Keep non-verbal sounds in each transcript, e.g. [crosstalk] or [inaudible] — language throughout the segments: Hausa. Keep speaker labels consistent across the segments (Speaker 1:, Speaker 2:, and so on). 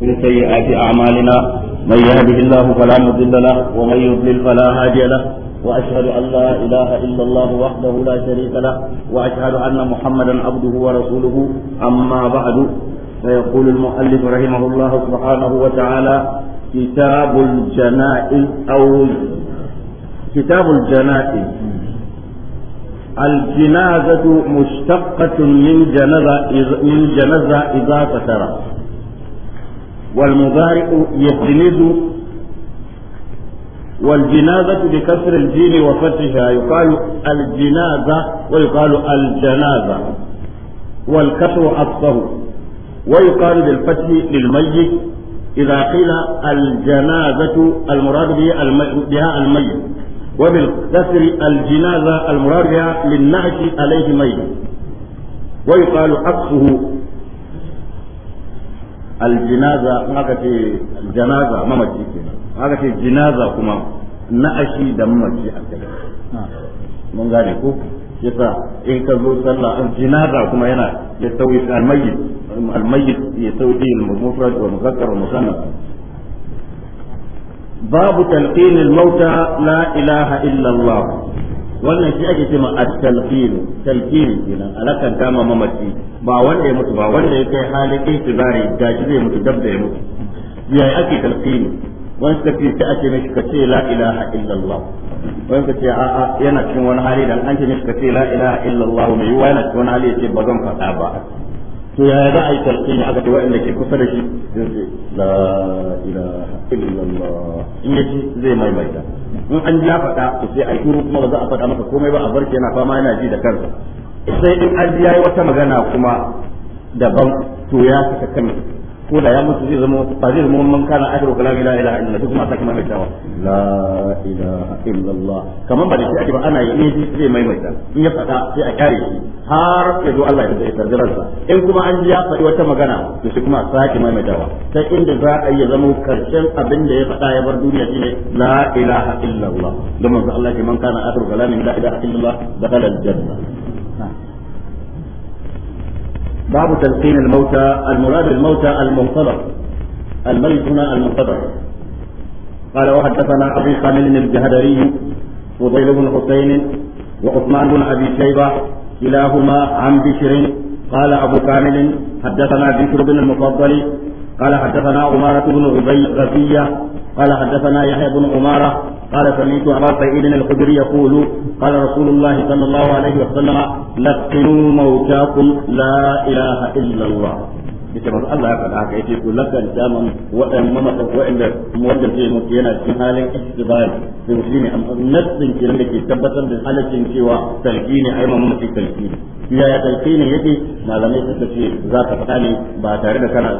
Speaker 1: من سيئات أعمالنا من يهده الله فلا مضل له ومن يضلل فلا هادي له وأشهد أن لا إله إلا الله وحده لا شريك له وأشهد أن محمدا عبده ورسوله أما بعد فيقول المؤلف رحمه الله سبحانه وتعالى كتاب الجنائز أو كتاب الجنائز الجنازة مشتقة من جنازة من جنازة إذا فترى والمضارع يستند والجنازة بكسر الجيم وفتحها يقال الجنازة ويقال الجنازة والكسر عطفه ويقال بالفتح للميت إذا قيل الجنازة المراد بها الميت وبالكسر الجنازة المراد بها للنعش عليه ميت ويقال عطفه aljinaza in aka ce janaza mamaci aka ce jinaza kuma na'ashi da mamaci a kai mun gane ko yasa in ka zo sallah aljinaza kuma yana ya sauyi almayyit almayyit ya sauyi wa muzakkar wa babu talqin al-mauta la ilaha illa Allah wannan shi ake cewa at-talqin talqin kenan alakan dama mamaci ba wanda ya mutu ba wanda ya kai halin intibari da shi zai mutu dab da ya mutu yayi ake talqin wani ka ce ake ce mishi ka ce la ilaha illallah wani ka ce a'a yana cikin wani hali dan an ce mishi ka ce la ilaha illallah mai yiwuwa yana cikin wani hali ya ce ba zan faɗa ba to ya za a yi talqini aka ce waɗanda ke kusa da shi zai ce la ilaha illallah in yace zai maimaita in an ya faɗa to sai a kuma ba za a faɗa maka komai ba a barke yana fama yana ji da kansa sai in an ji yayi wata magana kuma daban to ya saka ko da ya mutu zai zama ba zai zama man kana akhiru kalami la ilaha illa Allah kuma saka maimaita wa la ilaha illa Allah kaman ba da shi ake ba ana yi ne zai maimaita in ya fada sai a kare shi har ya zo Allah ya da tarjiransa in kuma an ji ya faɗi wata magana to shi kuma sake maimaitawa ta inda za a yi zama karshen abin da ya faɗa ya bar duniya shine la ilaha illa Allah don manzo Allah ke man kana akhiru kalami la ilaha illa Allah dakhala al-janna باب تلقين الموتى المراد الموتى المنتظر الميت هنا المنتظر قال وحدثنا ابي خالد الجهدري فضيل بن حسين وعثمان بن ابي شيبه كلاهما عن بشر قال ابو كامل حدثنا بشر بن المفضل قال حدثنا عمارة بن عبي غفية قال حدثنا يحيى بن عمارة قال سمعت أبا سعيد الخدري يقول قال رسول الله صلى الله عليه وسلم لقنوا موتاكم لا إله إلا الله yace manzo Allah ya faɗa haka yace ku lakal daman waɗannan mamata waɗanda wanda ke mutu yana cikin halin istibari to shine nassin kiran da ke tabbatar da halaccin cewa ne ai mamma mutu talqini ya ya talqini yake malamai suka ce za ka faɗa ne ba tare da kana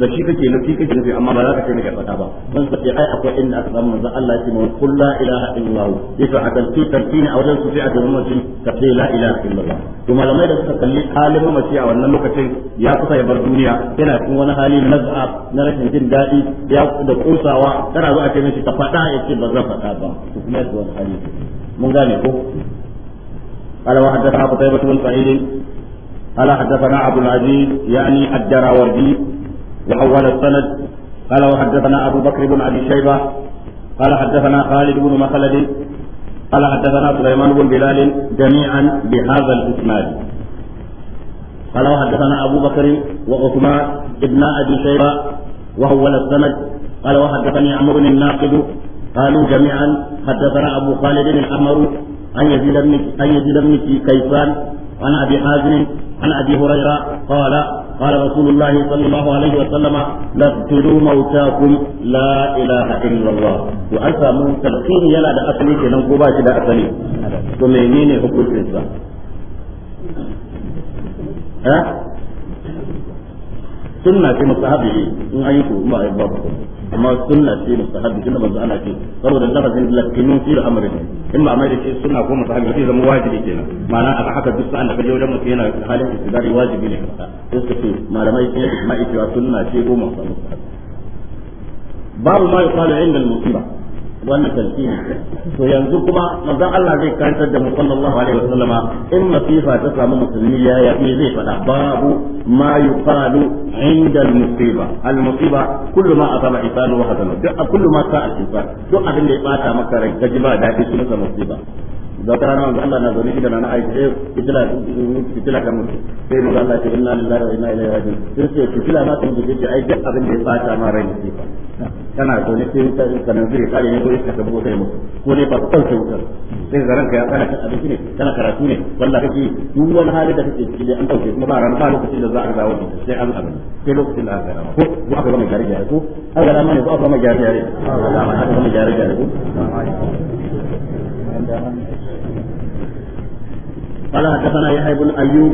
Speaker 1: da shi kake nufi kake nufi amma ba za ka kai ne ka faɗa ba dan sai ai akwai inda aka samu manzo Allah ya ce man kullu la ilaha illallah yace a talqini talqini a wajen su sai a ga mutum ka ce la ilaha illallah to malamai da suka kalli halin mamaci a wannan lokacin ya kusa ya bar duniya zuciya yana cikin wani hali na za'a na rashin jin daɗi da kusawa tana zuwa ce mishi ta faɗa ya ce ba zan faɗa ba to kuma yadda wani hali mun gane ko ala wa haddasa abu taibatu bin sa'idin ala haddasana abu al-aziz yani addara wardi wa hawwal sanad ala wa haddasana abu bakr bin abi shayba ala haddasana khalid bin makhlad ala haddasana sulaiman bin bilal jami'an bi hadha al-isnad قال وحدثنا أبو بكر وعثمان ابن أبي شيبة وهو السند قال وحدثني عمرو الناقد قالوا جميعا حدثنا أبو خالد الأحمر عن يزيد بن عن يزيد بن كيسان عن أبي حازم عن أبي هريرة قال قال رسول الله صلى الله عليه وسلم لقتلوا موتاكم لا إله إلا الله وأنت من تلقيه يلا دا أصلي كنن قباش دا أصلي ومنين حكم الإنسان sunna ce mustahabi ne in an yi ko amma sunna ce mustahabi tunda manzo ana ce saboda lafazin lakinu fi al-amri in ba mai ce sunna ko mustahabi sai zama wajibi kenan ma'ana aka haka duk sa'an da kaje wajen mutum yana halin istidari wajibi ne sai su ce malamai sun yi ijma'i sunna ce ko babu ma yuqalu 'inda al-musiba wannan talqini to yanzu kuma manzon Allah zai karantar da mu sallallahu alaihi in masifa ta samu musulmi ya ya me zai fada babu ma yuqalu inda musiba al-musiba kullu ma asaba wa hadana duk kullu ma sa'a duk abin da ya bata maka rai ba dadi sunan musiba da ta rana manzo Allah na zaune shi da nana Aisha eh fitila fitila kan mutu sai manzo Allah ya ce inna lillahi wa inna ilaihi raji'un sai ce fitila ma kan jike ai duk abin da ya bata ma rai ne kana zaune sai ka kana zuri kare ne ko iska ta bugo kai mutu ko ne ba ka kauce wuta sai zaran ka ya kana cin abinci ne kana karatu ne wallahi kake duk wani hali da kake ciki an dauke kuma ba ran ba lokacin da za a dawo sai an abin sai lokacin da aka ko ko aka gama gari gari ko aka gama ne ko aka gama gari gari aka gama gari gari
Speaker 2: ko
Speaker 1: قال حدثنا يحيى بن ايوب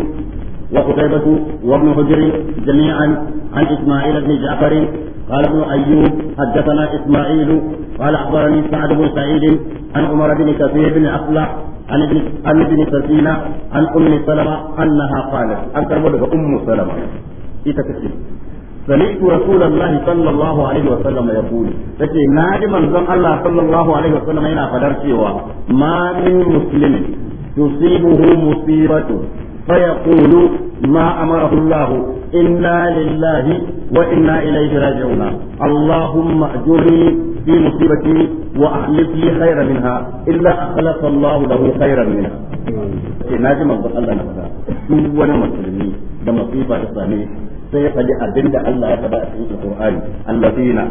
Speaker 1: وقتيبة وابن حجر جميعا عن اسماعيل بن جعفر قال ابن ايوب حدثنا اسماعيل قال اخبرني سعد بن سعيد عن عمر بن كثير بن اصلح عن ابن عن ابن سفينه عن ام سلمه انها قالت ان تربو ام سلمه ita take سمعت رسول الله صلى الله عليه وسلم يقول تكي نادي من زم الله صلى الله عليه وسلم هنا قدر ما من مسلم تصيبه مصيبة فيقول ما أمره الله إنا لله وإنا إليه راجعون اللهم أجرني في مصيبتي وأحلف لي خيرا منها إلا أخلف الله له خيرا منها ناجم الله نفسه هو مسلمين ده مصيبة إسلامية sai ya faɗi abin da Allah ya faɗa a cikin Al-Qur'ani allazina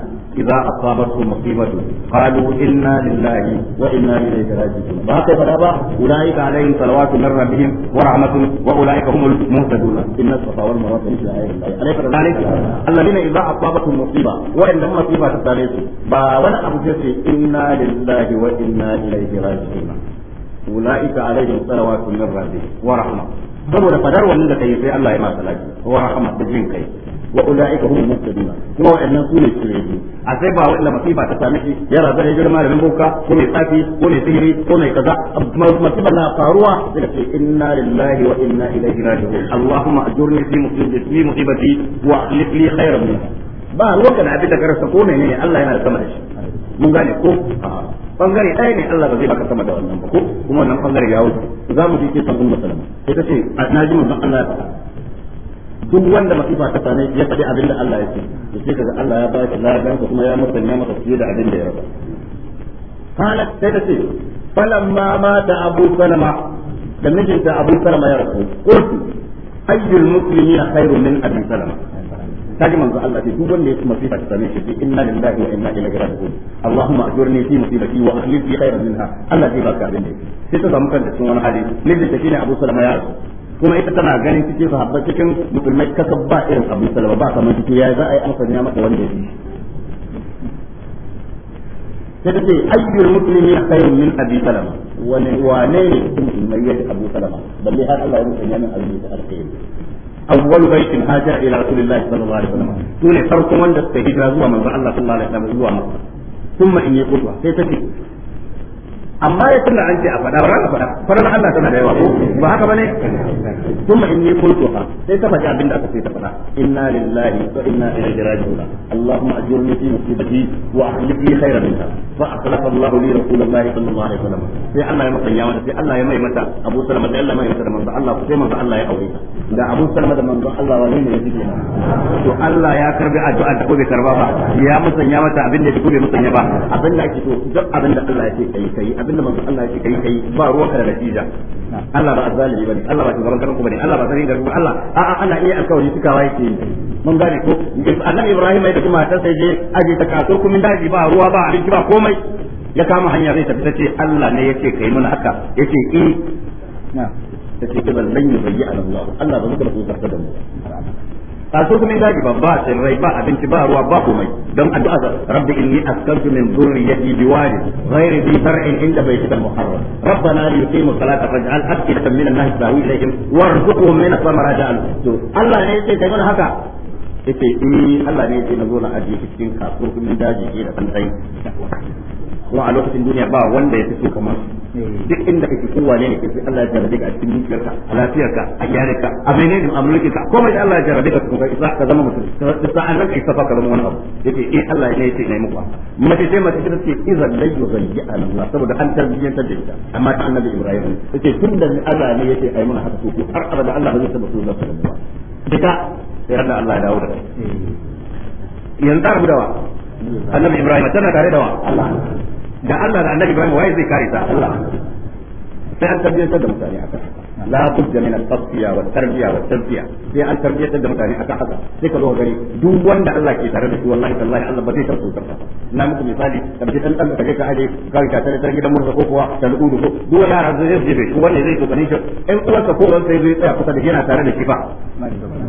Speaker 1: idza asabatuhum musibatu qalu inna lillahi wa inna ilayhi raji'un ba ka faɗa ba ulaika alaihim salawatu min rabbihim wa rahmatun wa ulaika humul muhtadun inna safa wal marwa min ayatin alayka dalik allazina idza asabatuhum musiba wa inna musiba ta tare su ba wani abu sai inna lillahi wa inna ilayhi raji'un ulaika alaihim salawatu min rabbihim wa rahmatun saboda fadar wannan da kai sai Allah ya masa lafi wa rahama da jin kai wa ulaika humul muhtaduna kuma wa'annan su ne a sai ba wa'annan masifa ta same shi ya raza ya girma da boka ko mai tsafi ko mai sihiri ko mai kaza masifa na faruwa sai ce inna lillahi wa inna ilaihi raji'un allahumma ajurni fi musibati fi musibati wa akhlif li ba lokacin abin da ko menene Allah yana da sama da shi mun gane ko bangare ɗaya ne Allah ba zai baka sama da wannan ba ko kuma wannan bangare ya wuce za mu ji kisan ummu salama sai ta ce na ji manzon Allah ya duk wanda masifa ta ne ya faɗi abin da Allah ya ce ya sai kaga Allah ya ba shi ladan kuma ya masa ne masa fiye da abin da ya rasa قالت ma da Abu Salama da mijinta Abu Salama ya يرسل ko ayyul muslimina خير min Abi Salama kaji manzo Allah ce duk wanda ya ci masifa ta same shi inna lillahi wa inna ilaihi raji'un Allahumma ajurni fi musibati wa ahli fi khairin minha Allah zai baka abin da yake sai ta samu kanta cikin wani hali Abu ya kuma ita tana ganin cikin sahabbai cikin musulmai kasab ba irin Abu Salama ba kamar cikin ya za a yi amfani maka wanda ya yi sai ta ayyul muslimi khairun min Abi Salama wani wane ne musulmai ya Abu Salama balle har Allah ya awwal baitin haja ila rasulillahi sallallahu sune farkon wanda suka hijira zuwa manzo Allah sallallahu alaihi wasallam zuwa Makka ثم إني قدوة سيتكي amma ya tunda an ce a faɗa ba faɗa faɗa Allah tana da yawa ko ba haka bane kuma in ne kulto ha sai ta faɗi abinda aka sai ta faɗa inna lillahi wa inna ilaihi raji'un Allahumma ajirni fi musibati wa akhlif li khayran minha fa akhlafa Allahu li rasulillahi sallallahu alaihi wasallam sai Allah ya masa yawa sai Allah ya mai mata Abu Salama da Allah mai mata manzo Allah sai manzo Allah ya aure da Abu Salama da manzo Allah wani ne yake kenan to Allah ya karbi addu'a da ko bai karba ba ya musanya mata abinda da ko bai musanya ba abinda ake so duk abinda Allah ya ce kai kai abinda manzo Allah yake kai kai ba ruwa ka da natija Allah ba azzalimi bane Allah ba shugaban garin ku bane Allah ba sanin garin Allah a a Allah iya alkawari suka waye ke mun gane ko annabi Ibrahim mai da kuma ta sai je aje ta kaso kuma daji ba ruwa ba abinci ba komai ya kama hanya zai tafi tace Allah ne yace kai mun haka yake eh na tace ban lan yubayyi Allah Allah ba zai ka da mu su kuma zaki ba ba sirrai ba abinci ba ruwa ba komai don addu'a sa rabbi inni askantu min dhurriyyati biwadi ghairi bi far'in inda al muharram rabbana li yuqimu salata faj'al afkidatan min an-nas dawi ilayhim warzuqhum min thamarati al-to Allah ne yake kai haka yake in eh, Allah ne yake na zo na aje cikin kasuwar kuma daji ke da san kuma a lokacin duniya ba wanda ya fito kamar su duk inda kake kowa ne ne sai Allah ya jarabe ka a cikin dukiyarka a lafiyarka a yarinka a menene a mulkin ka komai da Allah ya jarabe ka kuma isa ka zama mutum sa'an nan ka isa ka zama wani abu yace eh Allah ne yace nayi muku amma sai mace ta ce idan la yuzayyi Allah saboda an tarbiyyantar da ita amma ta annabi Ibrahim yace tunda Allah ne yace ai mun haka ko. har abada Allah ba zai taba so zaka ba duka sai Allah ya dawo da kai eh. yanzu da wa annabi Ibrahim tana tare da wa Allah da Allah da Annabi Ibrahim waye zai kare ta Allah sai an tabbatar da mutane akan la budda min al-tasfiya wa tarbiya wa tarbiya sai an tarbiyatar da mutane akan haka sai ka zo gari duk wanda Allah ke tare da shi wallahi tallahi Allah ba zai tarso ka na muku misali da bi dan da kake aje ka ka tare da gidan murza ko kuwa duk wani ya zai je shi wanda zai in uwar ka ko sai zai tsaya kusa da yana tare da shi ba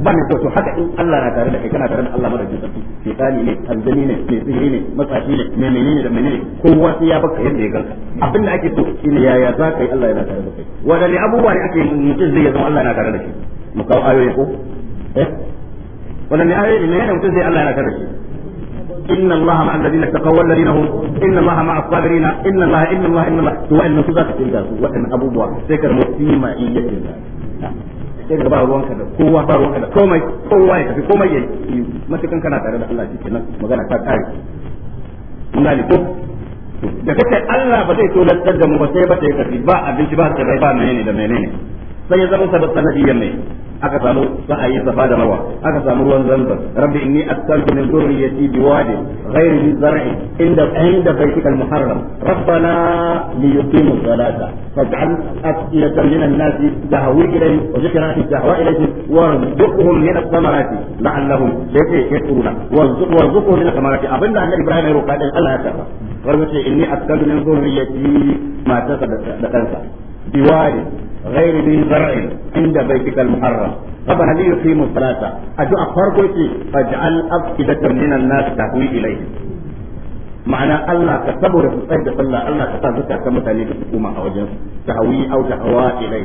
Speaker 1: ba ne to haka in Allah na tare da kai kana tare da Allah madaukakin sarki shekani ne aljani ne ne sihiri ne matsafi ne ne da ne kowa sai ya baka yanda ya abin da ake so shine yaya za ka yi Allah yana tare da kai abubuwa ne ake ce mutum zai zama Allah na tare da shi mu kawo ayoyi ko eh? wannan ne ayoyi ne mutum zai Allah na tare da shi إن الله مع الذين اتقوا والذين هم إن الله مع الصابرين إن الله إن الله إن الله سواء إن سوزا تكون ذا وإن أبو بوا سكر مسلمة إيجا الله sai ka ba ruwanka da kowa ba ruwanka da komai kowa ya tafi komai ya yi matukan kana tare da Allah shi kenan magana ta kare mun gane ko da kace Allah ba zai tolantar da mu ba sai ba sai kafi ba abinci ba sai ba menene da menene sai ya zama sabab sanadiyan ne aka samu sa'ayi safa da marwa aka samu ruwan zanzan rabbi inni asqaltu min dhurriyyati biwadi ghairi dhi zar'in inda inda baytika muharram rabbana liyuqimu as-salata faj'al af'idatan min an-nasi tahwi ilayhim wa fi dahwa tahwa wa warzuqhum min ath-thamarati la'allahum wa warzuqhum min ath-thamarati abinda annabi ibrahim ya roƙa dan Allah ya karba warzuqni inni asqaltu min dhurriyyati ma ta da kansa بواد غير ذي زرع عند بيتك المحرم طب هل يقيم الصلاة أدعى فرقتي فاجعل أفئدة من الناس تهوي إليه ma'ana Allah ka saboda su tsaye da sallah Allah ka sa zakatan mutane da hukuma a wajen tahawi au hawa ilai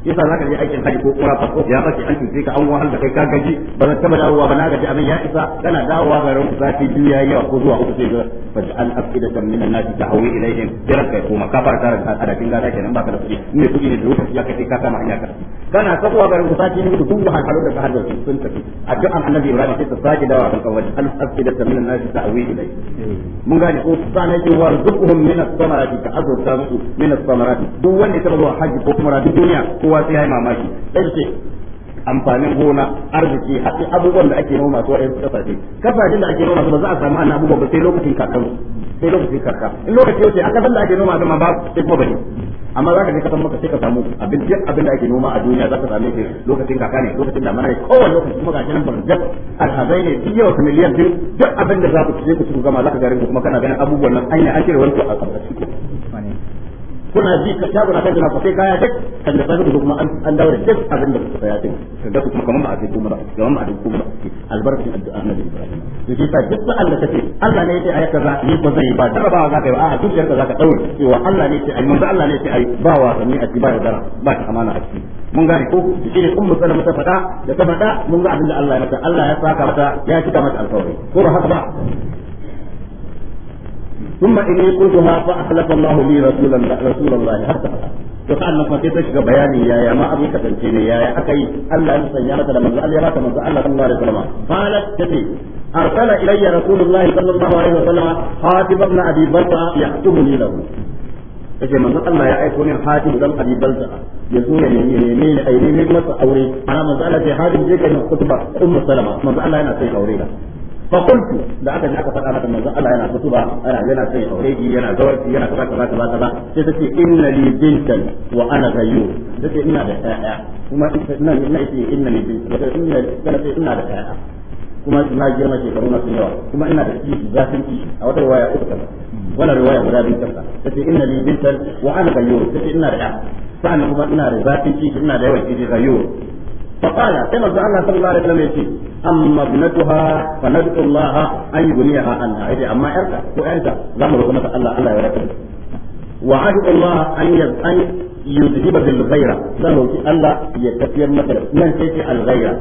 Speaker 1: yasa zaka je aikin haji ko kura fasfo ya bace an sai ka an wahal da kai ka gaji ba ka taba dawowa ba na gaji abin ya isa kana dawowa ga ku sati duniya yayi yawa ko zuwa uku sai ga afida afidatan min an-nas tahawi ilaihim kiran kai kuma ka fara tare da kinga da kenan ka da kudi ne kudi ne da lokaci ya kai ka kama hanya ka kana sabuwa garin ku sati biyu duk da hankalin da ka da sun tafi addu'an annabi ibrahim sai ta sake dawowa kan kawai al-afidatan min an-nas tahawi ilaihim mun gane ko sanan wa warzuqhum min as-samarati ka azurta musu min as-samarati duk wanda ya taba zuwa haji ko kuma rabin duniya kowa sai ya yi mamaki sai ce amfanin gona arziki haɗin abubuwan da ake noma su waɗansu kasashe kasashen da ake noma su ba za a samu ana abubuwa ba sai lokacin kakan sai lokacin karka in lokacin yau ce a kasan da ake noma zama ba sai kuma bane amma za ka je kasan maka sai ka samu abin duk abin da ake noma a duniya za ka same shi lokacin kaka ne lokacin damana ne kowane lokaci kuma ga nan barjat alhazai ne duk yawa miliyan biyu duk abin da za ku ci ku ci ku gama za ka garin kuma kana ganin abubuwan nan an yi an cire wani a ƙarƙashin kuna ji ka shago na kanka sai kaya duk kan da sabu kuma an daure da duk abin da kuka saya din da kuma kamar ba a cikin kuma kamar kuma a cikin kuma albarkin addu'a na Ibrahim to shi ta duk sa'an da kace Allah ne yake ayaka za ni ko zai ba jarabawa za ka yi a dukiyar ka za ka daure cewa Allah ne yake ayi Allah ne yake ayi ba wa sami a ba da ba ta amana a ciki mun gane ko shi ne ummu sallama ta fada da ta fada mun ga abin da Allah ya mata Allah ya saka mata ya cika mata alƙawari ko ba haka ba ثم إني قلتها فأخلف الله لي رسول الله رسول الله حتى وقال لما تشك بياني يا يا ما أبي تفنتيني يا يا أكي ألا أنت سيارة لما زعل يراك من زعل الله عليه وسلم قالت كتي أرسل إلي رسول الله صلى الله عليه وسلم حاتب ابن أبي بكر يحتمني له yace manzon Allah ya aiko ne Hatim dan Abi Balza ya zo ya nemi ne ne ai ne masa aure ana manzon Allah ya Hatim je kai na kutuba ummu Salama manzon Allah yana sai aure da فقلت da aka ji aka faɗa mata manzon Allah yana ba ana yana sai aure ji yana zawarci yana kaza kaza kaza kaza sai inna li bintan wa ana gayyu ina da kuma ina ina ce inna li bintan ina da kuma na girma sun yawa kuma ina da a wata riwaya uku kaza wannan riwaya guda biyu kaza inna li bintan wa ana gayyu ina da sa'an kuma ina da zafin ina da yawan kishi gayyu فقال كما قال الله صلى الله عليه وسلم يتي أما ابنتها فندعو الله أن يغنيها عنها إذا أما أرتا وأرتا زمر كما الله الله يرحمه وعدوا الله أن أن يذهب بالغيرة سنوكي الله يتفير مثلا من تيجي الغيرة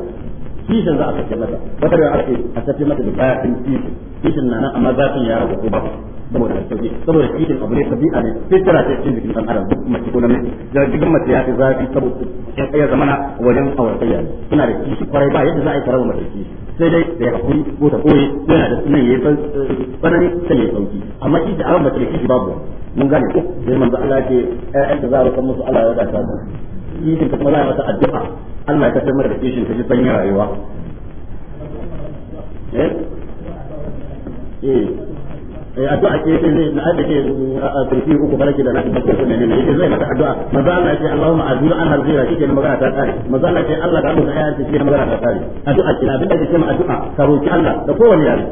Speaker 1: kishin za a sake mata wata da ake a sake mata da bayan kishin kishin na nan amma zafin ya rabu ko ba saboda sauki saboda kishin abu ne tabi'a ne fitira ce cikin jikin dan adam duk mace ko namiji da mace ya fi zafi saboda sai ya zamana wajen tsaye suna da kishi kwarai ba yadda za a yi karawa mace kishi sai dai da ya hakuri ko ta koyi yana da sunan yi eh, tsanani sai ya sauki amma kishi a ran mace kishi babu mun gane ko sai manzo Allah ya ce ƴaƴan da za a rufe musu Allah ya wadata su kishin kuma za a mata addu'a Allah ya samar da kishin ta ji sanyin rayuwa eh eh, eh addu'a ke ce ne na aiki a turki uku barake da nake bakin ne ne yake zai mata addu'a maza Allah ce Allahumma azil an hazira shi ke magana ta kare maza Allah ce Allah ka mu ayar ta ke magana ta kare addu'a kina abin da kike ma addu'a ka roki Allah da kowanne yare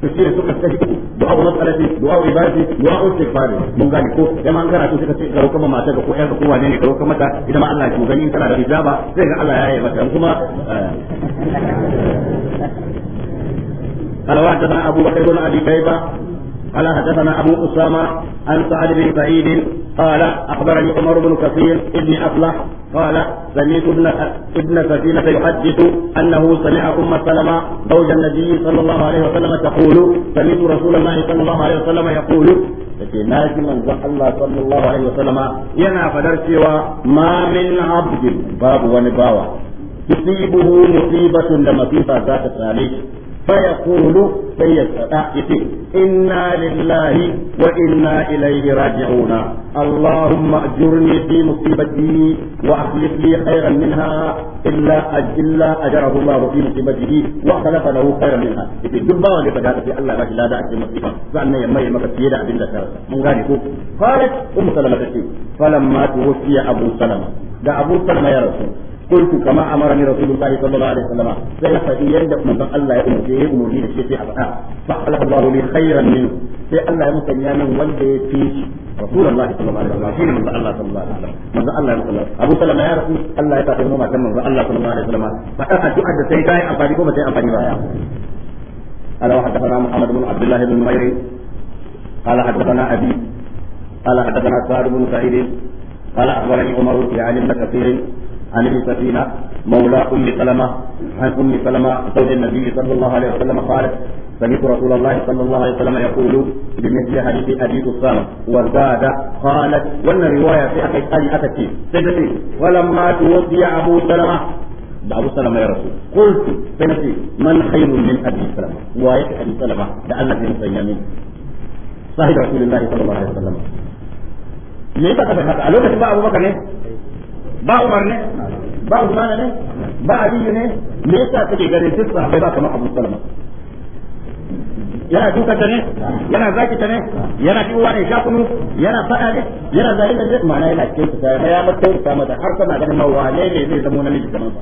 Speaker 1: suke da suka sai du'a wa masalati du'a wa ibadati du'a wa istighfari mun ko dan an karatu suka ce garo kuma mata ga ko ƴan ko wane ne garo kuma mata idan Allah ya shugani kana da hijaba sai ga Allah ya yi mata kuma eh, قال حدثنا أبو بكر بن أبي كيبة قال حدثنا أبو أسامة عن سعد بن سعيد قال اخبرني عمر بن كثير ابن افلح قال سمعت ابن ابن سفينه يحدث انه سمع ام سلمه زوج النبي صلى الله عليه وسلم تقول سمعت رسول الله صلى الله عليه وسلم يقول في ناس من الله صلى الله عليه وسلم ينا فدر ما من عبد باب ونباوه تصيبه مصيبه لما فيها ذات ثالث فيقول سيدنا إنا لله وإنا إليه راجعون اللهم أجرني في مصيبتي وأخلف لي خيرا منها إلا أجل أجره الله في مصيبته وخلف له خيرا منها في الدبا وجدت في الله لا داعي للمصيبة فأنا يما يما كثيرا أبن ذكر من غير قالت أم سلمة فلما توفي أبو سلمة ده أبو سلمة يا رسول قلت كما امرني رسول الله صلى الله عليه وسلم زي فديان da manzon Allah ya umarce ya umarni da shi sai الله لي خيرا منه li الله يمكن يا من ya musanya رسول الله صلى الله عليه وسلم فيه من الله صلى الله عليه وسلم من الله يقول الله أبو سلمة يا رسول الله يتعطي نوما كم من الله صلى الله عليه وسلم فأخذ جؤد سيكاي أفادي كوما سيكاي أفادي بايا قال وحدثنا محمد بن عبد الله بن ميري قال حدثنا أبي قال حدثنا سعد بن سعيد قال أخبرني عمر يعني ابن كثير عن ابي سفينة مولى ام سلمة عن ام سلمة زوج النبي صلى الله عليه وسلم قالت سمعت رسول الله صلى الله عليه وسلم يقول بمثل حديث ابي اسامة وزاد قالت وان رواية في اخي ابي اتكي سيدتي ولما توفي سلمة da Abu Salama ya rasu qultu sai nace man khairun min Abi Salama wa ya Abi Salama da Allah ya sanya min sahih Rasulullahi sallallahu alaihi wasallam me yasa ka haka a lokacin ba Abu Bakar ne ba Umar ne ba Usman ne ba Ali ne me yasa kake gare shi sai ba kamar Abu Salama yana duka ta ne yana zaki ta ne yana duwa ne kunu yana fada ne yana zai da zai mana yana cikin ta ya mata ta mata har kana ganin ma ne ne zai zama na miji kamar ba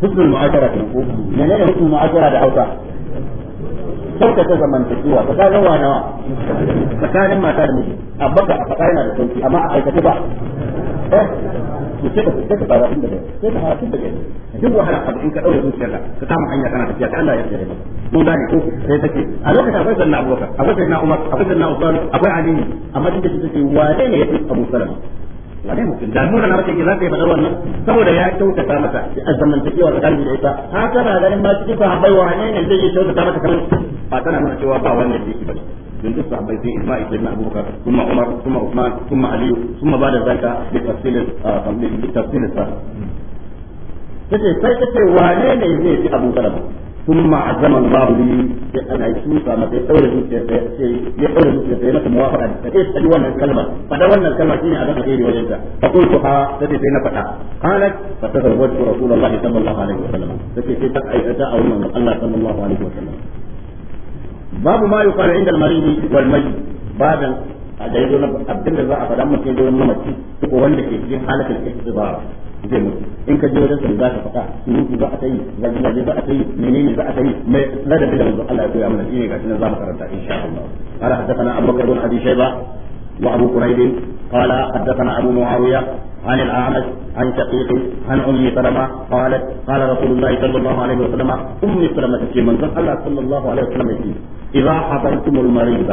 Speaker 1: hukmul ta ne menene hukumar mu'ashara da Hausa kyautata zamantakewa tsakanin wa nawa tsakanin mata da miji a baka a faɗa yana da sauki amma a aikata ba eh ki ce ka ce ka fara inda sai ka fara inda duk wahala abu in ka daure zuciyarka ka ka samu hanya kana tafiya ka Allah ya yarda da mun gane ko sai take a lokacin akwai sanna abubakar akwai sanna umar akwai sanna usman akwai ali amma duk da take wane ne ya fi abu sallama da mu da za ka wannan saboda ya kyautata mata a zamantakewa tsakanin da ita haka na ganin ma cikin sahabbai wane ne zai kyautata mata kamar ba tana cewa ba wannan da yake bane من تسع بيتين إسماء سيدنا أبو بكر ثم عمر ثم عثمان ثم علي ثم بعد sun ma'azama babu ne sai an aiki sa matsayi ɗaure zuciya sai ce ya ɗaure zuciya sai masa mawa faɗa ta ce shi wannan kalma faɗa wannan kalma shi ne a zama iri wajen ta a kun su ha ta ce sai na faɗa halak ba ta zarwar su rasu da lahi saman lahu alaihi wasallam ta ce sai ta aikata a wannan allah saman lahu alaihi wasallam babu ma yi kwana inda almarin yi wal mai babin a da yazo na abin da za a faɗa mutum yazo na mace ko wanda ke cikin halakan istibara zai mutu in ka je wajen sa za ka faɗa surutu za a ta yi zage za a ta yi menene za a ta yi mai ladabi da manzon Allah ya koya mana ne gashi nan za mu karanta insha Allah qala hadathana Abu Bakr bin Abi Shayba wa Abu Quraib qala hadathana Abu Muawiya عن الأعمش عن شقيق عن أم سلمة قالت قال رسول الله صلى الله عليه وسلم أم سلمة في من الله صلى الله عليه وسلم إذا حضرتم المريض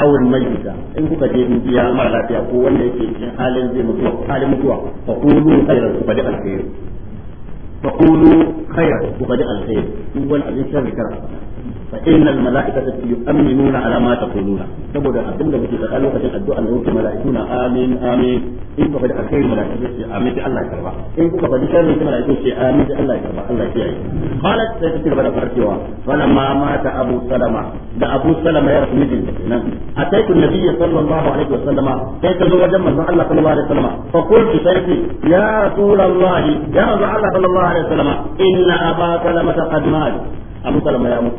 Speaker 1: awul mayyita in kuka je dubiya mara lafiya ko wanda yake cikin halin zai mutuwa halin mutuwa fa kullu khairu fa da alkhairu فقولوا خير وقد الخير هو الذي شر كرا فإن الملائكة يؤمنون على ما تقولون ka على سلمة إن أبا سلمة قد مات أبو سلمة يا موسى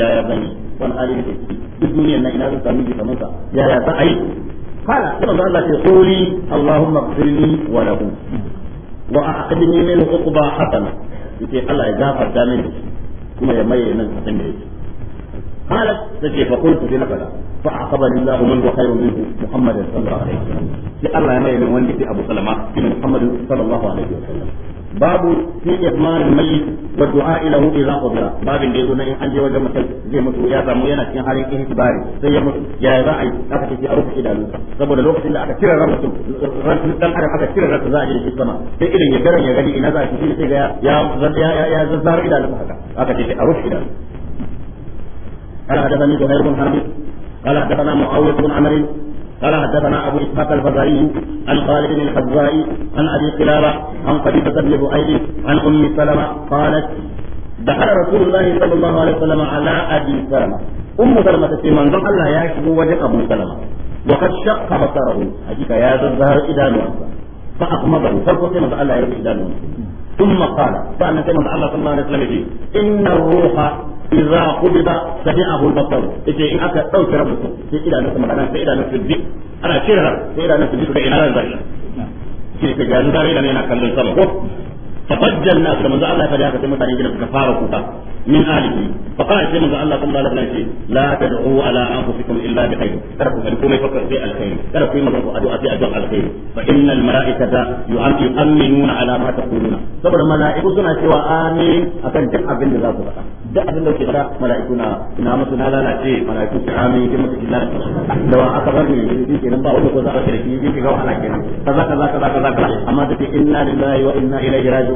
Speaker 1: يا يا بني وأنا أريد بالدنيا أن إلى سامي سمسة يا يا سعيد قال كما قال الله قولي اللهم اغفر لي وله وأعقدني منه عقبى حسنة يقول الله يغفر دامني كما يميز من حسنه قالت تجي فقلت في نفلا فأعقبني الله من هو خير منه محمد صلى الله عليه وسلم في الله ما يمن وندي أبو سلمة من محمد صلى الله عليه وسلم باب في إضمان الميت والدعاء له إذا قبر باب اللي يقول إن أنجي وجه مثل زي مثل يا زمو ينا كين حالي كين كباري زي مثل يا راعي أفتح في أروح إلى لوكا سبب الوقت اللي أكثر رمت رمت مثل أنا أكثر رمت زاجر في السماء في إذن يجرن يغني إن زاجر في السماء يا يا يا زار إلى لوكا أكثر أروح إلى لوكا قال حدثني زهير بن حرب قال حدثنا معاوية بن عمرو قال حدثنا ابو اسحاق الفزاري عن خالد بن الحزائي عن ابي قلابه عن قبيبه بن بؤيد عن ام سلمه قالت دخل رسول الله صلى الله عليه وسلم على ابي سلمه ام سلمه في من الله يا شبو وجه ابو سلمه وقد شق بصره حقيقه يا ذا الظهر اذا فاغمضه فقلت من الله يا اذا ثم قال فانا كما الله صلى الله عليه وسلم إن الروح idza qubida sami'ahu al-basar yace in aka dauke rabu sai idanun su magana sai idanun na dik ana cire sai idanun na dik da ina ran zai shi ke ga zare da ne na kallon sama ko tafajjal na da manzo Allah ya faɗa haka sai mutane gidan suka fara kuka min alihi fa qala sai manzo Allah kuma Allah ya ce la tad'u ala anfusikum illa bi khair kada ku gani komai fakar sai alkhair kada ku yi magana addu'a sai addu'a alkhair fa innal malaikata yu'minuna ala ma taquluna saboda mala'iku suna cewa amin akan duk abin da za ku faɗa da abin da ke fara mala'iku na na musu na lalace mala'iku su amin kin musu illa da wa aka bar ni shi ke nan ba wani ko za ka shirki shi ke ga wahala kenan kaza kaza kaza kaza amma da ke inna lillahi wa inna ilaihi raji'un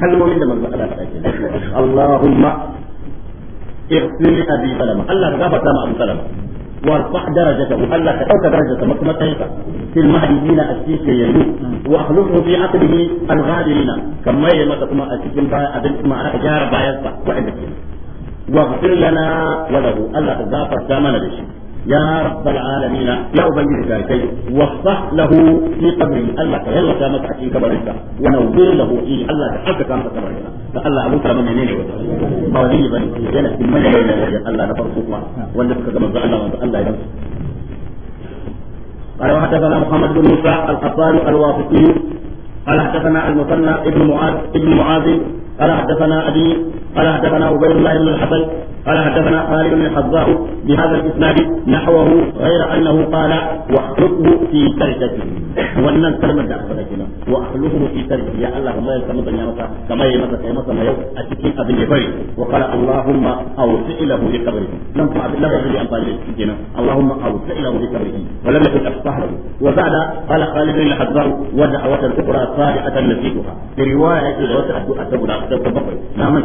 Speaker 1: kalmomin da manzo Allah ta ce Allahumma ihsin abi ka gafarta ma abi salama a cikin baya abin ma'ana ajara bayan sa wa inda ke wa mana da shi يا رب العالمين يا أبي ذاكي وصح له في قبره الله يلا كما تحكي كبرك ونوبر له فيه الله تحكى كما قبرك فالله أبو من منين موالي بني يلا في المنين الله نفرق الله ونفك كما الله الله ينفق قال وحدثنا محمد بن موسى القطان الواسطي قال حدثنا المثنى ابن معاذ ابن معاذ قال حدثنا ابي قال حدثنا عبيد الله بن الحسن قال حدثنا خالد بن الحذاء بهذا الاسناد نحوه غير انه قال في تركته da aka faɗa kenan ya Allah kamar ya masa ya masa kamar ya masa kai masa na yau a cikin abin da bari wa qala allahumma awsilahu bi qabri nan fa da zai amfani da shi kenan allahumma awsilahu bi qabri wa lam yakun asfahu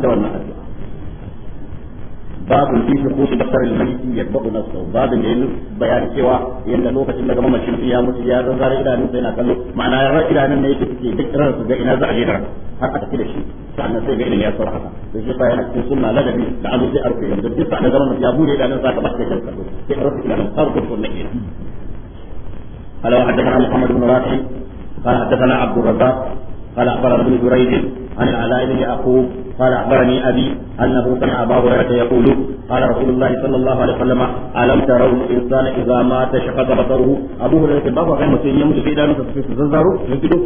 Speaker 1: wa addu'a babu fi hukuki basar al-mayyit yadbu nafsuhu babu ne bayani cewa yanda lokacin da gama mutum ya mutu ya zanzara idanun sai na kallo ma'ana ya ran idanun ne yake fice duk ran su ga ina za a je da har aka da shi sannan sai ga idan ya saura haka sai shi yana cikin sunna ladabi da azu sai arfi da duk sa'an da gama mutum ya bude idanun sa ka bace kan kallo sai arfi ne wa قال حدثنا عبد الرزاق قال اخبرنا ابن جريج عن العلاء بن يعقوب قال اخبرني ابي انه سمع ابا هريره يقول قال رسول الله صلى الله عليه وسلم الم تروا الانسان اذا مات شقق بصره ابو هريره بابا كان مسلم يموت في دار تزرزر يجده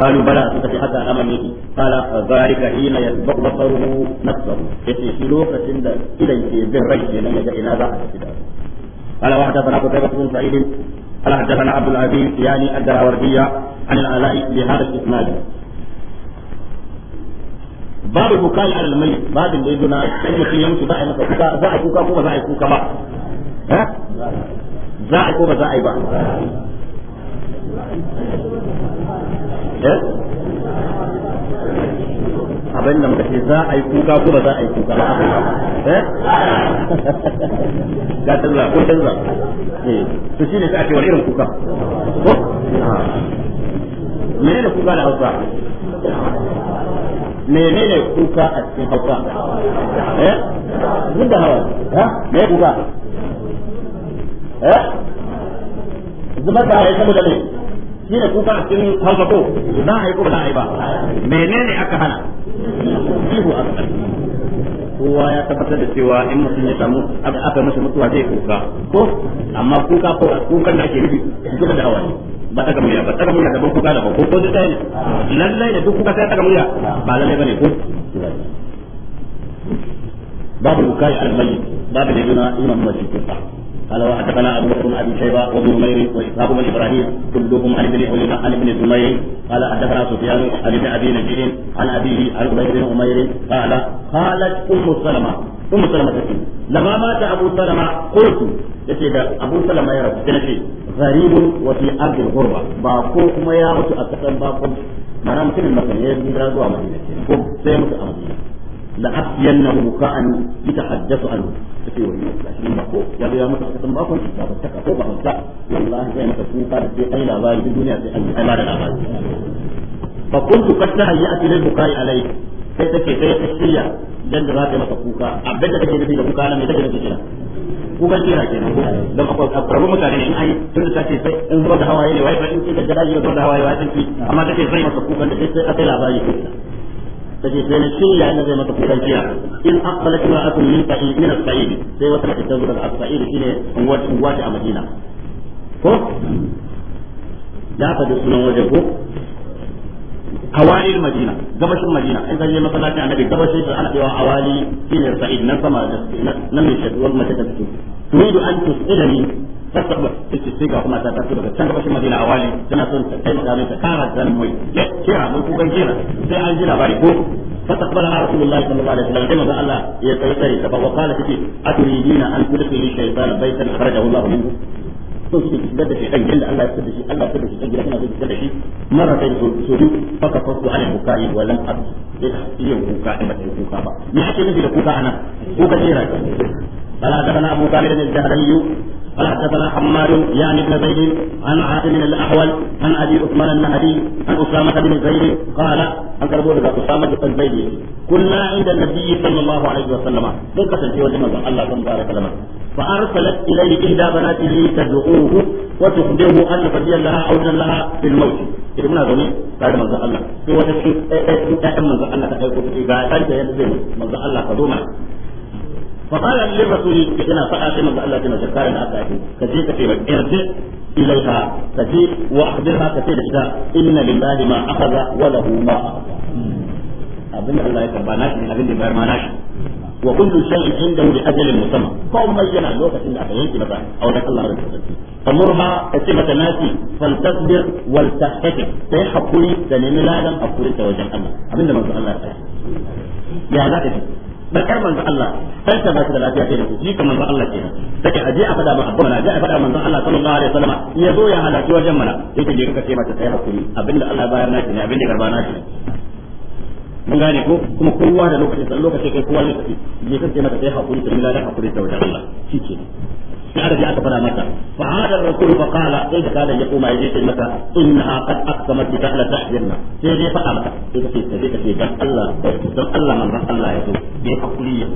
Speaker 1: قالوا بلى تتفي حتى امامه قال ذلك حين يسبق بصره نفسه يتي في لوكة اليه بالرجل لم يجد الى ذاك قال وحدثنا قتيبة بن سعيد قال حدثنا عبد العزيز يعني الدراوردية عن العلاء بهذا الاسناد babu kuka ya almai babin da ya zuna sai mutum ya mutu za a masa kuka za a kuka ko ba za a yi kuka ba za a ko ba za a yi ba eh? abin da muka za a yi kuka ko ba za a yi kuka ba eh ga [laughs] tanza ko tanza su eh, shi ne sa a ce wani irin kuka ko ah. menene kuka da Hausa
Speaker 2: menene
Speaker 1: kuka a cikin hausa eh duk da hawa ha me kuka eh zuma ta ai saboda ne shi ne kuka a cikin hausa ko za a yi ko ba za a yi ba menene aka hana ihu aka kowa ya tabbatar da cewa in mutum ya samu aka masa mutuwa zai kuka ko amma kuka ko kukan da ake nufi kuka da hawa ne ba ta gamuya ba ta gamuya da kuka da ko ko da tsaye lallai da duk kuka sai ta gamuya ba lallai ne ko babu kai almayi babu da yana imam masjid قال وحدثنا ابو بكر بن ابي شيبه وابن نمير واسحاق بن ابراهيم كلهم عن ابن عن ابن زمير قال حدثنا سفيان عن ابن ابي نجيب عن ابيه عن عبيد بن عمير قال قالت ام سلمه ام سلمه لما مات ابو سلمه قلت yace da abu salama ya rasu nace gharibun wa fi ardil ghurba ba ko kuma ya mutu a kasan bakon mana mutumin makan ya yi zuwa madina ko sai mutu a madina la abyannahu bukaan yatahaddathu anhu sai wani shi ko ya ga masa aka san ba ko ba ta ka ko ba ta wallahi sai kuka da sai ai labari duniya sai an ai da labari fa kuntu qad bukai sai take sai ta dan da kuka abin da take nufi da nan take in ai tun da take sai in da hawaye ne wai in da hawaye wai sai amma take sai na shirya na zai in aqbalat ra'atun min fa'il min as-sa'id sai wata ta zo daga as-sa'id shine wata a Madina ko da ka sunan waje ko hawali Madina gabashin Madina in zai annabi gabashin da ana cewa hawali shine sa'id sama an sassaba ta ce sai son ta kai da kara zan mai ya an ji ko fasakbar na rasulullahi sallallahu ya tsare tsare da ba kwala kike aturidina an kudufi shaytan baitan farajahu Allah minhu to shi da da shaytan gidan da Allah da kuka da kuka ba ni hake ne da da na قال حدثنا حماد يعني بن زيد عن عاصم الاحول عن ابي عثمان النهدي عن اسامه بن زيد قال عن كربوله اسامه بن زيد كنا عند النبي صلى الله عليه وسلم دقه في وجه الله تبارك وتعالى فارسلت اليه احدى بناته تدعوه وتخبره ان قد لها عودا لها في الموت idan muna zaune tare da manzon Allah sai wata ce ɗayan manzon Allah ta ɗauko ta ce ga ɗanta yanzu zai manzon Allah ka zo mana فقال للرسول انا فاتي من الله كما ذكر انا فاتي كجي كتي ارجع اليها كجي واخبرها كتي لها ان لله ما اخذ وله ما اخذ abin Allah ya karba nashi abin da bayar ma nashi wa kullu shay'in indahu bi ajalin musamma komai yana lokacin da aka yanke masa a wajen Allah da sarki amurha kace mata nasi fal tasbir wal tahtaki sai hakuri da nemi ladan hakuri Allah dan yar manzo Allah sai ta ba da lafiya sai da ku ji kamar manzo Allah kenan take aje a fada ma abba mana aje a fada manzo Allah sallallahu alaihi wasallam ya zo ya halaki wajen mana yake je kaka ce mata sai hakuri abinda Allah ya bayar naki ne abinda garba naki ne mun gane ko kuma kowa da lokacin sa lokacin kai kowa ne je kake mata sai hakuri ta mila da hakuri da wajen Allah shi ke ta arji aka fara mata fa hada rasul fa qala sai da kalan ya koma yaje ce mata inna qad aqsamat bika la tahdirna sai dai fa amka sai ta ce sai ta ce dan Allah dan Allah manzon Allah ya zo bai hakuri ya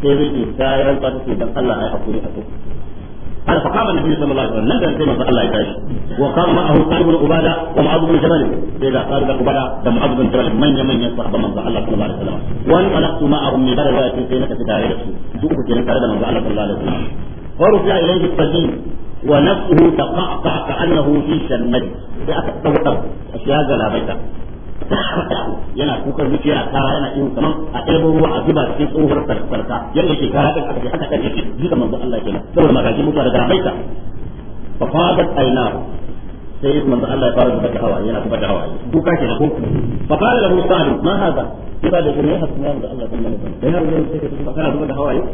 Speaker 1: sai zai ce sai ran ta ce dan Allah ai hakuri a zo قال فقام النبي صلى الله عليه وسلم نزل كما قال الله تعالى وقام معه قال بن عباده ومعاذ بن جبل اذا قال بن عباده ومعاذ بن جبل من يمن يصحب من صلى الله عليه وسلم وانطلقت معهم من بلد في سينك في دائره سوء كثيرا قال من صلى الله عليه وسلم ورفع إليه القديم ونفسه تقعقع كأنه في شمد فأتوقف أشياء لا بيتا yana kukar zuciya a kara yana ihu kamar a ɗebo a cikin tsohuwar karkarka yadda yake kara ɗin aka haka ɗan yake duka manzo Allah kenan saboda magaji mutuwa da gamaita Allah ya fara zuba da hawaye yana zuba da hawaye duka kenan ko fa qala lahu sa'd ma hada kida da kuma ya hasuna manzo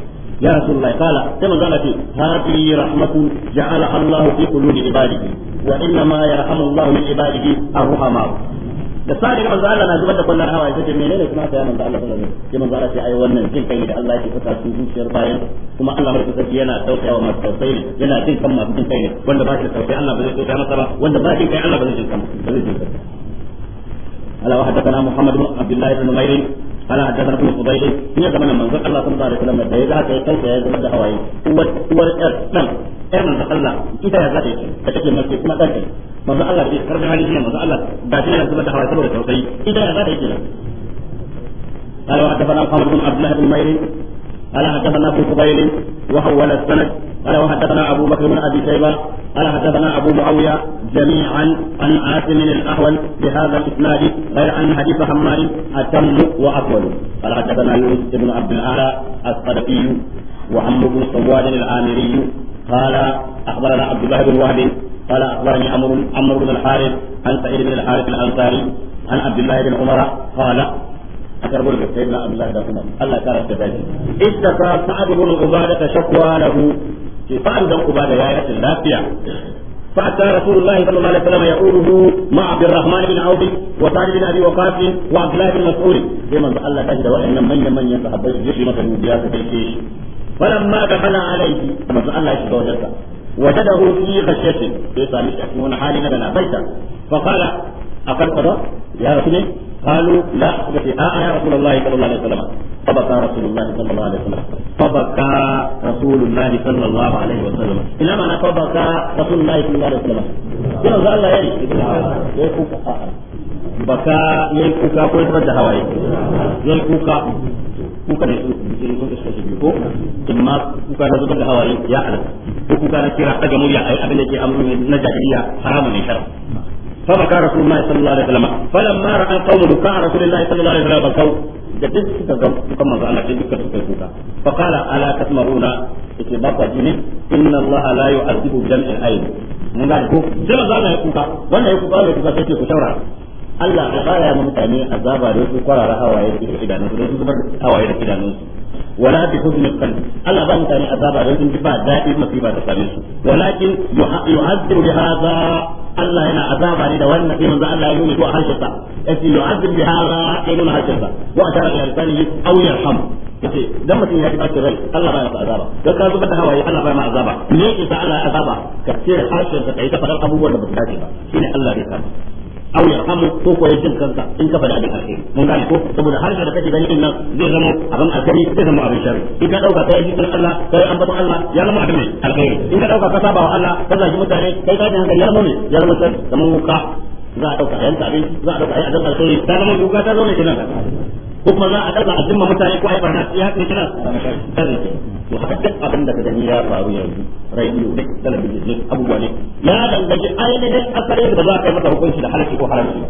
Speaker 1: ya rasulullah qala sai manzo Allah ce hadi rahmatun ja'ala Allah fi qulubi ibadihi wa inna ma yarhamu Allah da sani da manzo Allah na zubar da kullun hawa yace menene kuma sai manzo Allah sallallahu alaihi manzo Allah ce ai wannan jin kai da Allah ke fata su zuciyar bayan kuma Allah mai yana tausayawa masu tausayi yana jin kan masu jin kai wanda ba shi tausayi Allah ba zai masa ba wanda ba shi kai Allah ba zai jin kan ba zai jin kan Allah wa Muhammad bin Abdullah ibn قال حدثنا ابن فضيل في زمن من ذكر الله صلى الله عليه وسلم da ya zaka ya kanka ya zama da hawaye uwar uwar dan ɗan manzo Allah ita ya zaka ta take mace kuma ɗan manzo Allah bai karbi hali ne manzo Allah da shi ya zama da hawaye saboda tausayi ita ya zaka yake قال وحدثنا قمر بن عبد الله قال حدثنا في قبيل وحول السند قال وحدثنا ابو بكر بن ابي شيبه قال حدثنا ابو معاويه جميعا عن عاصم الاحول بهذا الاسناد غير ان حديث حماد اتم وافضل قال حدثنا يوسف بن عبد الاعلى الصدفي وعمرو بن صواد العامري قال اخبرنا عبد الله بن وهب قال اخبرني عمرو عمرو بن الحارث عن سعيد بن الحارث الانصاري عن عبد الله بن عمر قال karbar da sayyidina Abdullahi da Umar Allah ya karanta dadi idda fa sa'ad ibn ubada ya yati lafiya fa ta rasulullahi sallallahu alaihi wasallam ya'uduhu ma abdur rahman ibn awd wa tali bin abi waqas wa abdullah bin mas'ud sai manzo Allah ta da wannan manyan manyan sahabbai da shi maka dubiya ta kai alayhi manzo ya shiga wajensa قالوا لا آه يا رسول الله صلى الله عليه وسلم فبكى رسول الله صلى الله عليه وسلم فبكى رسول الله صلى الله عليه وسلم إلى ما فبكى رسول الله صلى الله عليه وسلم كنا قال الله يلي بكى يلكوكا كويس رد هواي يلكوكا kuka ne sun iska shi biyu ko in ma kuka na zubar da hawaye ya halatta ko kuka na kira daga murya ai abin da ke amuru na jahiliya haramun shar'a فبكى رسول الله صلى الله عليه وسلم فلما راى قوم بكاء رسول الله صلى الله عليه وسلم بكوا da duk suka ga suka manzo Allah sai duka suka kuka fa qala ala tasmaruna yace ba ku jini inna Allah la yu'adhibu jam'al ayn mun ga ko sai manzo Allah ya kuka wannan ya kuka ya kuka sai ku Allah ya baya mu mutane azaba da su kwarara hawaye su hawaye da wala bi azaba don sun ji ba daɗi masifa ta yana azaba ne da wannan sai manzo Allah ya nuna ya yace dan mutum ya ji rai Allah ba ya sa azaba dan ka zuba da hawaye Allah ba ya azaba ne yake Allah ya azaba ka ce harshen sa kai ta abubuwan da ba su dace ba shine Allah ya kama aw yarhamu ko ko ya jin kanka in ka fada da kai mun gane ko saboda harshe da kake gani inna zai zama abin alkhairi zai zama abin sharri in ka dauka kai jikin Allah kai an bato Allah ya zama abin alkhairi in ka dauka ka saba wa Allah ka zagi mutane kai ka hankali ya zama ne ya zama kamar wuka za a dauka yan tabi za a dauka yan alkhairi ta zama wuka ta zama ne kenan ko kuma za a ɗaga a jimma mutane ko a yi barna ya kai kana tsare ke to haka duk abin da ka ya faru yanzu rediyo ne talabijin ne abubuwa ne ya dangaji ainihin asalin da za ka yi masa hukunci da halaki ko haramci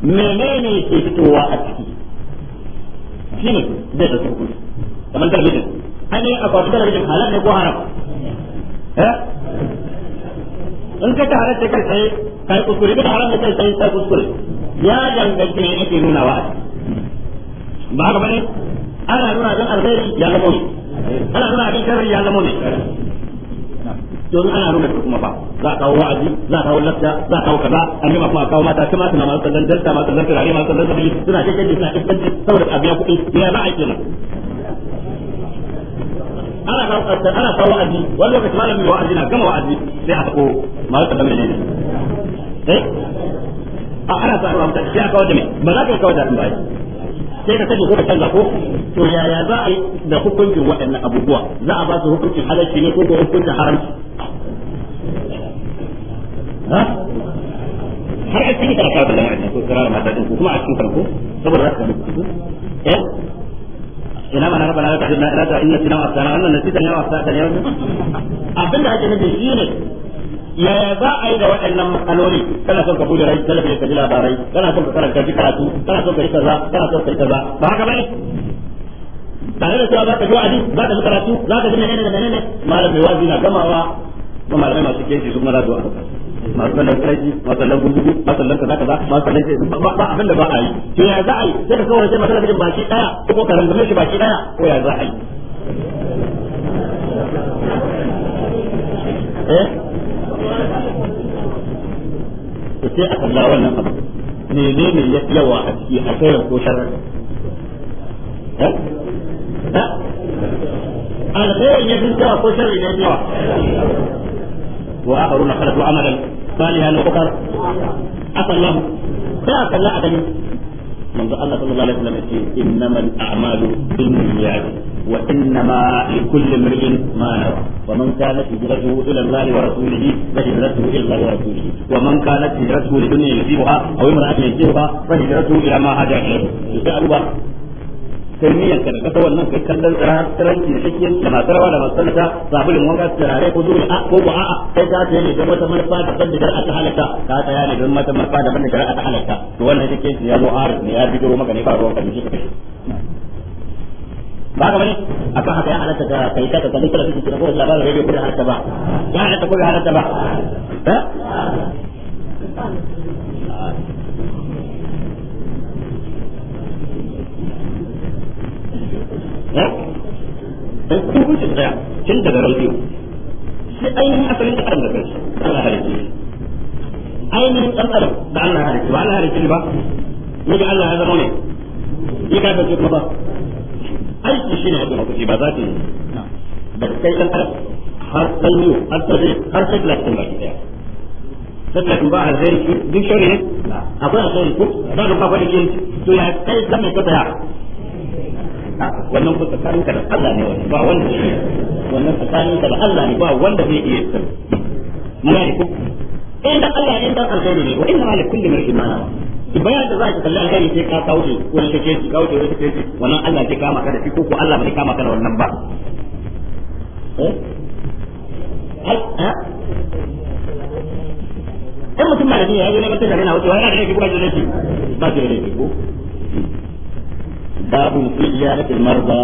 Speaker 1: menene ke fitowa a ciki shi ne zai ɗauki hukunci kamar talabijin ainihin akwatin talabijin halal ne ko haram eh? in kai ta ta kai tsaye kai kuskure ka tare kai tsaye kai kuskure ya dangaji ne ake nunawa a ciki ba haka bane ana nuna dan alheri ya zama ne ana nuna dan sharri ya zama ne don ana nuna kuma ba za kawo wa'azi za kawo lafta za kawo kaza an yi mafi kawo mata kuma suna masu sallan dalta masu sallan turare masu sallan sabili suna kai kai suna iskanci saboda a biya kuɗi ya za a kenan ana kawo kasar ana kawo wa'azi wani lokaci malamin da wa'azi na gama wa'azi sai a sako masu sallan mai ne eh a ana sa ruwa mutane sai a kawo da me ba za ka kawo da ba sai ka kaje ko kan canza ko to yaya za a yi da hukuncin waɗannan abubuwa za a ba su hukuncin halarci ne ko ko hukuncin haramci har a cikin karaka da lamarin ko kirarar mata ko kuma a cikin farko saboda za ka mutu eh ina ma na raba na raba inna sina wa sana annan nasita ne wa sana ne abinda ake nufi shine yaya za a yi da waɗannan matsaloli kana son ka bude rai son ka ji labarai kana son ka karanta ji karatu kana son ka yi kaza kana son ka yi kaza ba haka bane tare da cewa za ka ji wa'azi za ka ji karatu za ka ji menene da menene malam mai wazi na gamawa ba malamai masu keji su mara zuwa masu sallan kiraki masu sallan gundugu masu sallan kaza kaza masu sallan ke ba abin da ba a yi to ya za a yi sai ka kawai sai lafiyar baki daya ko ka rangume shi baki daya ko ya za a yi eh to sai a kalla wannan abu menene ya yawa a ciki a kai ko sharar alkhairin ya fi yawa ko yawa wa amalan sai a kalla a gani منذ الله صلى الله عليه وسلم انما الاعمال بالنيات وانما لكل امرئ ما نوى ومن كانت هجرته الى الله ورسوله فهجرته الى الله ورسوله ومن كانت هجرته لدنيا يصيبها او امراه يصيبها فهجرته الى ما هاجر اليه sai niyyar ka da kasa wannan kai kallon tsaranci da ke da masu rawa da masu sallata sabulin wanka turare ko zuwa ko ko a'a kai ka ta ne don wata manufa da ban da ta halatta ta tsaya ne don wata manufa da ban da aka halatta to wannan kake ya zo har ne ya bidiro maka ne ba ruwan ka shi kake ba ka bane akan haka ya halatta ka kai ta ka ka dukkan su ko labarin radio ko da halatta ba ya halatta ko ya halatta ba eh? dan ku kun tsaya tun daga rabiu sai ainihin asalin da adam da kansa Allah halitta shi ainihin dan adam da Allah halitta ba Allah halitta shi ba ne Allah ya zama ne ya ka dauke kuma ba aiki shi ne abin hukunci ba za ta yi da kai dan adam har sai yau har sai har sai da kuma ya sannan in ba alheri duk shari'a akwai alheri ko ba da ba da to ya kai zama ka tsaya wannan ku tsakanin ka da Allah ne wani ba wanda zai iya wannan tsakanin ka da Allah ne ba wanda zai iya sir mana ku in da Allah ne dan alkhairi ne wa inna ma likulli mar'in ma bayan da za ka kalli alkhairi sai ka kauce wani kake shi kauce wani ka shi wannan Allah ke kama ka da shi ko ko Allah bai kama ka da wannan ba eh in mutum malami ya yi na mutum da rena wuce wani da ne ki kuma da ne ki ba ki da ne ki ko babu fi iyalatil marda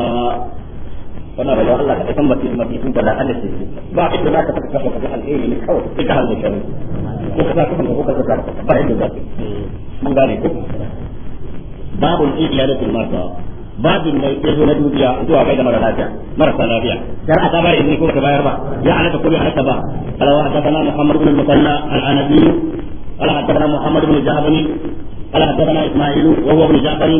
Speaker 1: kana da Allah ka san bakin mafi tun da Allah ce ba inda zaka saka kafa ga alheri ne kawai sai ka halin shari ko ka saka kafa ka saka ba inda zaka mun gane ko babu fi iyalatil marda babin mai ya zo na dubiya zuwa kai da mara lafiya marasa lafiya dar a tabar in ko ka bayar ba ya alaka ko ya alaka ba alawa hadathana muhammad قال حدثنا اسماعيل وهو ابن جعفر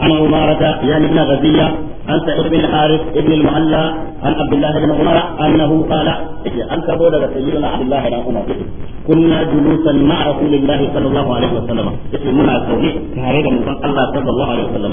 Speaker 1: عن عمارة يعني ابن غزية عن سعيد بن الحارث ابن المعلى عن عبد الله بن عمر انه قال ان تقول سيدنا عبد الله بن عمر كنا جلوسا مع رسول الله صلى الله عليه وسلم يقول منا سوري كهريدا من الله صلى الله عليه وسلم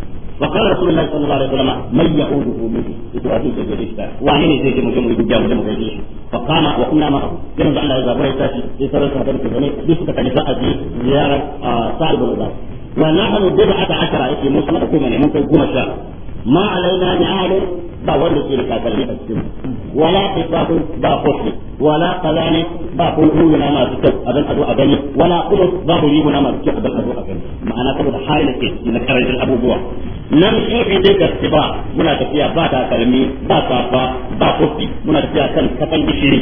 Speaker 1: وقال رسول الله صلى الله عليه وسلم من يعوده منه يتوافي في الجيش وعين زي جمع جمع جمع جمع جيش فقام وقمنا معه كما قال الله إذا بريت تاتي يسرى سهدان في الزمين بسكة نساء في زيارة صاحب الوضع ونحن بضعة عشر في موسى مكومة ممكن كومة شهر ما علينا نعال ba wanda ke da kakalli a cikin wala kitabun ba kofi wala kalani ba kulhu na masu kyau abin azo a gani wala kulus ba buribu na masu kyau abin azo a gani ma'ana saboda halin da ke na karancin abubuwa nan in dai gaske ba muna tafiya ba takalmi ba safa ba kofi muna tafiya kan kafan gishiri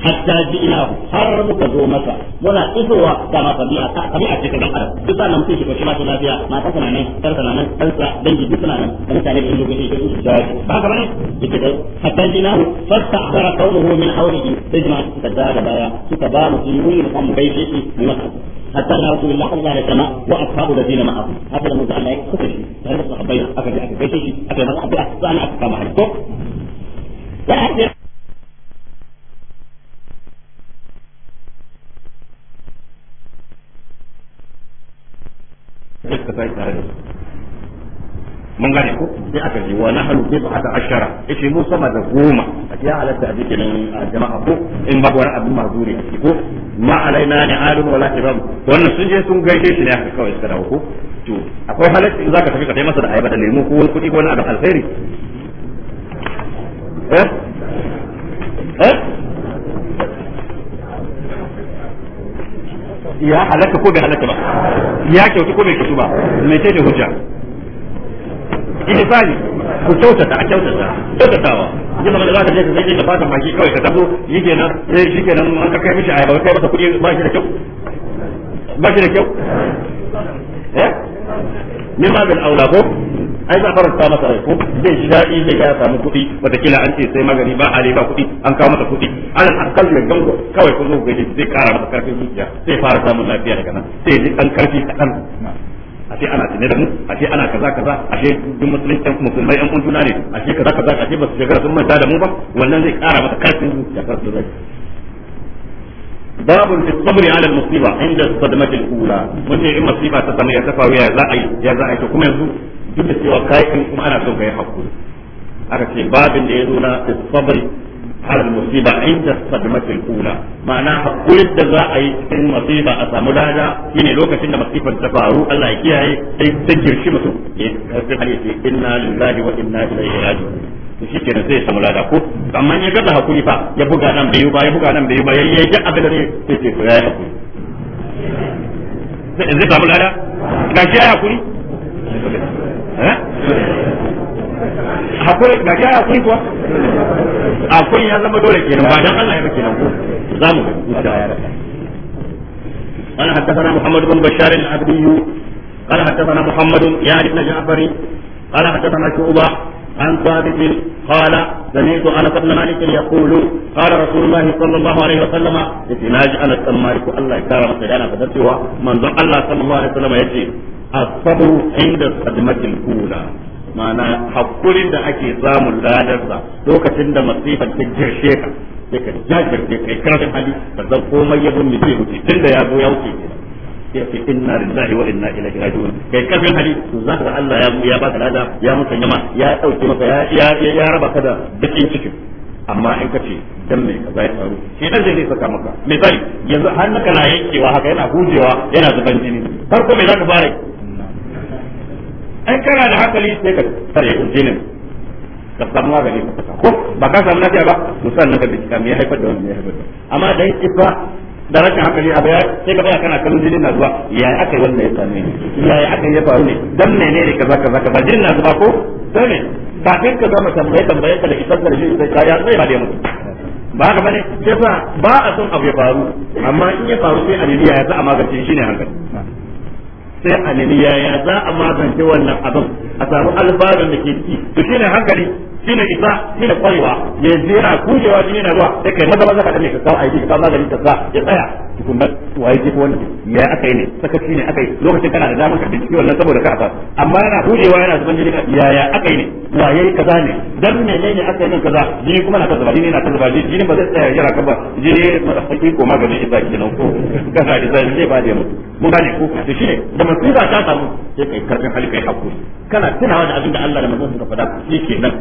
Speaker 1: hatta ji'nahu har muka zo masa muna isowa da ma a ta tabi'a ce ta dan adam duk sanan mutum shi ko shi ma lafiya mata tana nan tar tana nan dan sa dangi duk suna nan da mutane da inda gode shi su da ba ga bane yake da hatta ji'nahu fastahara qawluhu min hawlihi sai jama'a suka da da baya suka ba mu yi mun kan bai shi mu maka hatta na rasul Allah sallallahu alaihi wasallam wa ashabu ladina ma'ahu haka da mutum Allah ya kuka shi tare da sahabbai aka ji aka bai shi aka yi masa a sai aka kama har ko ya sai suka sai tare da su mun gane ko sai aka ce wa nahnu bid'ata ashara yace mu sama da goma ya halatta a cikin jama'a ko in babu wani abin mazuri a ko ma alaina ni alun wala ibam wannan sun je sun gaishe shi ne aka kawai suka dawo ko to akwai halatta in zaka tafi ka kai masa da ayaba da lemu ko wani kudi ko wani abin alkhairi eh eh ya halaka ko bai halaka ba ya kyautu ko bai kyautu ba mai ce da hujja ihsani ku kyautata a kyautata kyautatawa ya zama da za ka je ka sai ka fata baki kawai ka tabo yake nan sai shi ke nan eh, an ka kai mishi ayaba kai masa kuɗi ba shi da kyau ba shi da kyau eh min ma bil aula ko ai za faranta masa rai ko zai ji daɗi zai ya samu kuɗi wataƙila an ce sai magani ba a ba kuɗi an kawo masa kuɗi alal akal ya gango kawai ko zo gaji zai kara masa karfin zuciya sai fara samun lafiya daga nan sai ji dan karfi kaɗan ce ana tune da mu a ce ana kaza kaza a ce duk musulmai ɗan musulmai ɗan kun ne ce kaza kaza a ce ba su shekara sun manta da mu ba wannan zai kara masa karfin zuciya karfin rai باب في الصبر على المصيبه عند الصدمه الاولى وانت اما مصيبه تسمى يا تفاوي يا زعي يا زعي كما يزو duk da cewa kai kuma ana son kai hakuri aka ce babin da ya zo na har musiba inda sadmatul ula ma'ana hakurin da za a yi cikin musiba a samu lada shine lokacin da masifar ta faru Allah ya kiyaye sai ta girshi mutum ya karfi hali da sai samu lada ko amma ya gaza Eh? hakuri ga shi hakuri kuwa hakuri ya zama dole kenan ba dan Allah ya ba kenan ko za mu ga insha Allah قال حدثنا محمد بن بشار العبدي قال حدثنا محمد يعني بن جعفر قال حدثنا شعبه عن ثابت قال سمعت انس بن مالك يقول قال رسول الله صلى الله عليه وسلم اتناج انس بن مالك الله يكرمك انا فدرتها من الله صلى الله عليه وسلم يجي الصبر عند الصدمه الاولى ma'ana hakurin da ake samun ladarsa lokacin da masifar ta girshe ka sai ka jajirce kai karfin hali ka zan komai ya bin mutum tun da ya zo ya wuce yake inna lillahi wa inna ilaihi raji'un kai kafin hali to za ka Allah ya ya ba lada ya maka yama ya dauke maka ya ya raba ka da cikin amma in kace dan me kaza ya faru shi dan zai saka maka misali yanzu har naka na yankewa haka yana gujewa yana zuban jini farko me za ka fara ai kana da hankali sai ka tare jinin ka samu magani ka saka ko ba ka samu lafiya ba musan nan ka bincika me haifar da wannan ya haifar da amma dan ifa da rashin hankali a baya sai ka tsaya kana kallon jinin na zuwa ya aka yi wannan ya same ni ya aka yi ya faru ne ne menene kaza kaza kaza jinin na zuwa ko sai ne kafin ka zama tambaye tambaye ka da isar da jirgin sai ka ya zai ba da ba haka bane sai fa ba a son abu ya faru amma in ya faru sai aliliya ya za a magance shi ne hankali sai aliliya ya za a magance wannan abin a samu albarin da ke ciki to shine hankali shine isa shine kwarewa me zai yana kujewa shine na zuwa sai kai maza maza ka dame ka kawo aiki ka kawo magani ka sa ya tsaya tukunna waye ke wani. ya aka yi ne sakaci ne aka yi lokacin kana da damar ka bincike wannan saboda ka fara amma yana hudewa yana zuban jini ya ya aka yi ne waye kaza ne dan ne aka yi nan kaza jini kuma na ta zuba jini na ta zuba jini ba zai tsaya jira ka ba jini ma hakki ko magani isa kenan ko kana da zai zai ba da mutu mun gane ko to shine da musiba ta samu sai kai karfin hali kai hakuri kana tunawa da abin da Allah da manzon suka faɗa shi kenan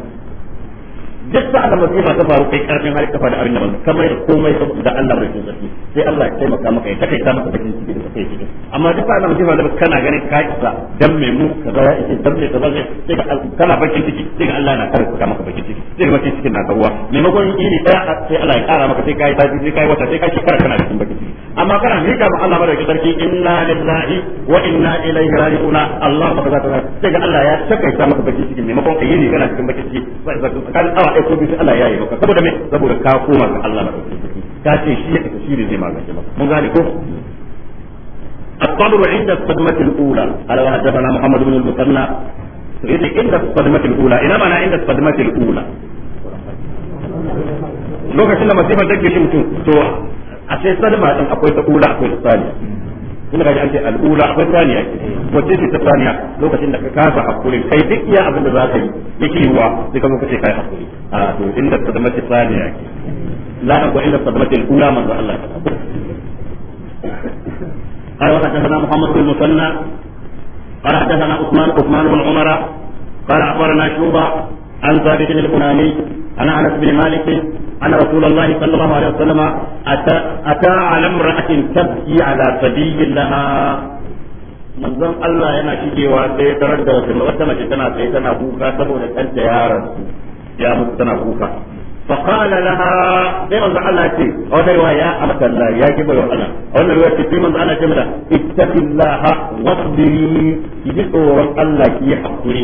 Speaker 1: duk sa'an mutum ba ta faru kai karfin hali kafa da abin da ka mai da komai da Allah bai cin sarki sai Allah ya taimaka maka ya takaita maka bakin ciki da kai ciki amma duk sa'an da masifa da kana ganin ka isa dan mai mu ka ya ce dan mai kaza ne sai ka kana bakin ciki sai ga Allah na karanta maka bakin ciki sai ga bakin cikin na karuwa maimakon yini daya sai Allah ya kara maka sai kai tafi sai kai wata sai kai shekara kana cikin bakin ciki amma kana mika ma Allah madauki sarki inna lillahi wa inna ilaihi raji'un Allah ba za sai ga Allah ya takaita maka baki cikin maimakon ka yini kana cikin baki ciki kan awa ai ko bi Allah ya yi maka saboda me saboda ka koma ga Allah madauki sarki ka ce shi ya tafi zai magance maka mun gane ko الصبر عند الصدمة الأولى قال وحدثنا محمد بن المثنى عند الصدمة الأولى إلى معنى عند الصدمة الأولى
Speaker 2: lokacin da masifar
Speaker 1: take shi mutum to a sai sadma din akwai ta ula akwai ta saniya ina ga an ce al'ula akwai saniya wacce ce ta saniya lokacin da ka kasa hakuri kai duk iya abin da za ka yi yake yiwa sai ka kuma kace kai hakuri a to inda sadma ce saniya ke la akwai inda sadma ce ula manzo Allah ya قال وحدثنا محمد بن المثنى قال حدثنا عثمان عثمان بن عمر قال اخبرنا شوبه عن ثابت البناني عن انس بن مالك أن رسول الله صلى الله عليه وسلم أتى, أتى على امرأة تبكي على ثدي لها manzon Allah yana shigewa sai ya tarar da wata wata mace tana sai tana kuka saboda kanta yaron ya mutu tana kuka fa qala laha sai manzon Allah ce a wata riwaya ya amsa Allah ya ki bayo Allah a wannan riwaya ce manzon Allah ce mata ittaqillaha wasbiri ki ji tsoron Allah ki hakuri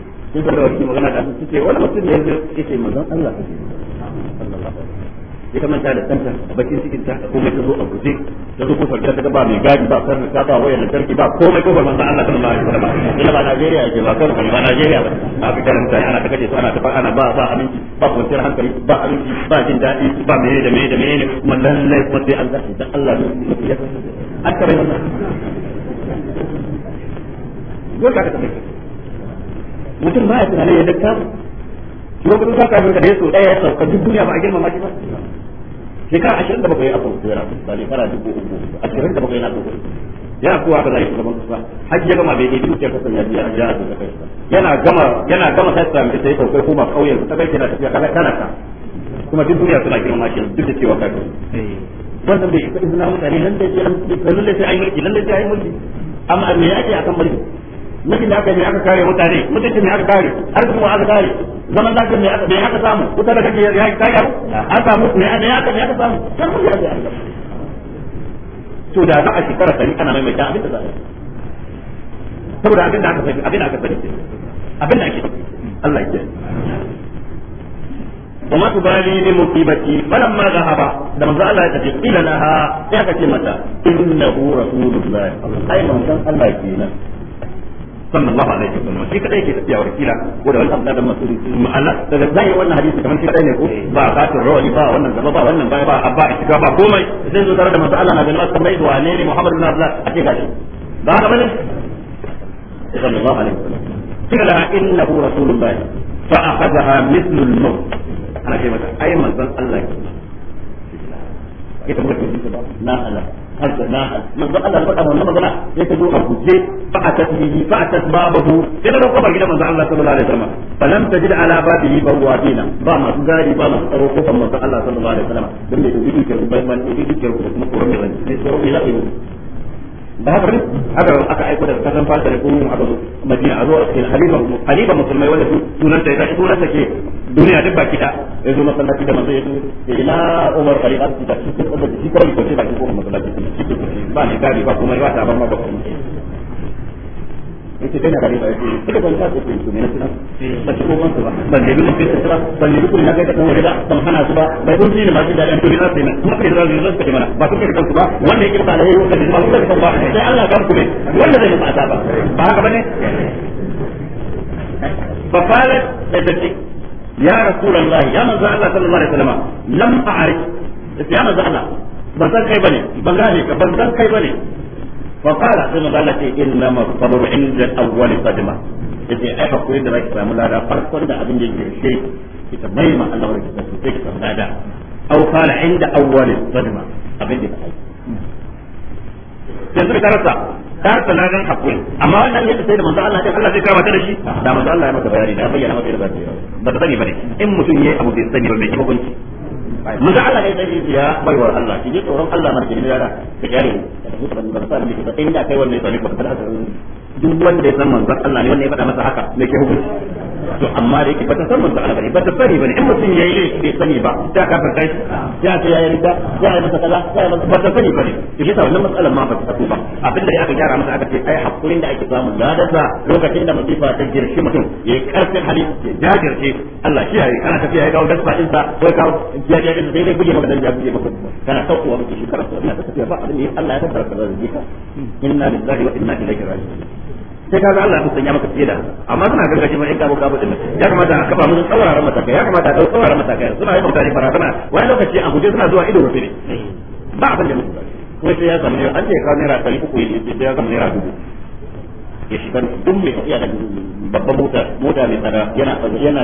Speaker 1: duk da wani magana da su suke wani mutum ne yanzu yake manzon Allah ka ya kamanta da tsanta a bakin cikin ta komai ta zo a guje ta zo kofar ta ba mai gadi ba sarri ta ba wayar lantarki ba komai kofar manzon Allah sallallahu alaihi wasallam ina ba Najeriya yake ba kar ba Najeriya ba a fitar mutane ana ta kace su ana ta ana ba ba aminci ba kwanciyar hankali ba aminci ba jin daɗi ba meye da meye da meye ne kuma lallai kuma sai Allah da Allah ne ya akare wannan ka ka ka mutum ba ya tunanin ya dakta lokacin sa kafin ka da ya so daya ya sauka duk duniya ba a girmama shi ba shekara ashirin da bakwai ya afon kera ba ne fara dubu uku ashirin da bakwai na dubu yana kowa da zai shugaban kasa hajji ya gama bai duk ya kasan ya biya ya a kai yana gama yana gama sai sai sai kai kuma kauyen ta kai kina tafiya kana kana ka kuma duk duniya suna girma shi duk da cewa nan wannan bai isa izina mutane nan da ke nan da ke ai mulki lalle sai ai amma me yake akan mulki mutum da aka yi aka kare mutane mutum ne aka kare har kuma aka kare zaman lafiyar ne aka aka samu wutar da kake ya kai yau an samu ne aka ne aka samu kan kuma ya kai to da za a shekara tari ana mai mai ta abin da za a yi saboda abin da aka sani abin da aka sani abin da ake Allah ya ce wa masu bali ne musibati balan ma za ba da manzo Allah ya tafi ila laha ya kace mata innahu rasulullah ayyuhan Allah kenan sallallahu alaihi wasallam shi kadai ke tafiya wakila ko da wannan da masuri ma'ana daga zai wannan hadisi kamar shi kadai ne ko ba katin rawani ba wannan gaba ba wannan baya ba abba shiga ba komai sai zo tare da manzo Allah na ganin wasu mai wa ne Muhammad bin Abdullah ake gashi ba haka bane sallallahu alaihi wasallam kila innahu rasulullah fa akhadha mithlu al-maut ana ce mata ai manzon Allah ke ita mutum ba na Allah حزناها من ذا الله فقط من مغلا يتدو أبوزي فأتت به فأتت بابه إذا لو قبل كده من ذا الله صلى الله عليه وسلم فلم تجد على بابه بوابين باما تجاري باما روحه من ذا الله صلى الله عليه وسلم لم يدو إيدي كربين من إيدي كربين مقرمين لسوء إلى إيدي da haka haka aka aiko daga kasan fata da kuma aka zo madina a zo a cikin halifa halifa musulmai wanda su sunan ta sai sunan ta ke duniya duk baki da ya zo masallaci da manzo ya zo eh, ila umar khalifa ta shi ko da shi ko ce ba baki ko masallaci ba ne gari ba kuma ya ta ba ma ba yace kai na gari ba yace kika ban ta ko ku na ba ko ban ba ban da mun fita tsara ban da ku na ga kan wani ban hana su ba bai kun ni ma ki da dan to na sai na kuma kai da zan ta mana ba ku kai ba wanda yake ba da yau ba ku kan ba sai Allah ka ku ne wanda zai ba ta ba ba haka bane fa qalat tabatik ya rasulullah ya manzo Allah sallallahu alaihi wasallam lam a'rif ya manzo Allah ban san kai bane ban gane ka ban san kai bane فقال ثم قال الصبر عند ka rasa ka rasa in mutum sani ba mun ga Allah ne sai ya baiwar Allah shi ne tsoron Allah marke ne yara ka kyale mu da mutum da sa inda kai wannan sai ka duk wanda ya san manzon Allah ne wanda ya faɗa masa haka ne ke hukunci to amma da yake bata san manzo Allah bane bata sani bane in mutum yayi ne bai sani ba ta ka farkai ya ce yayi da ya yi masa kaza ya yi bata sani bane to shi sa wannan matsalar ma bata tafi ba abin da ga gyara masa aka ce ai hakurin da ake samu da sa lokacin da masifa ta girshi mutum yayi karfin hali ya jajirce Allah shi yayi kana tafiya ya dawo sa'in sa ko ka ya ya da dai buje maka dan ya buje maka kana saukowa mutum shi kana tafiya ba abin ne Allah ya tabbata da zai ka inna lillahi wa inna ilaihi raji'un sai ka ga Allah ya sanya maka fiye da amma suna gargaje mai kabo kabo din ya kamata a kafa musu tsauraran matakai ya kamata a dau tsauraran matakai suna yi mutane barazana wani lokaci a guje suna zuwa ido rufe ne ba abin da mutum kuma sai ya zama ne an ce ka naira ɗari uku ne sai ya zama naira dubu ya shiga duk mai iya da babban mota mota mai tsada yana yana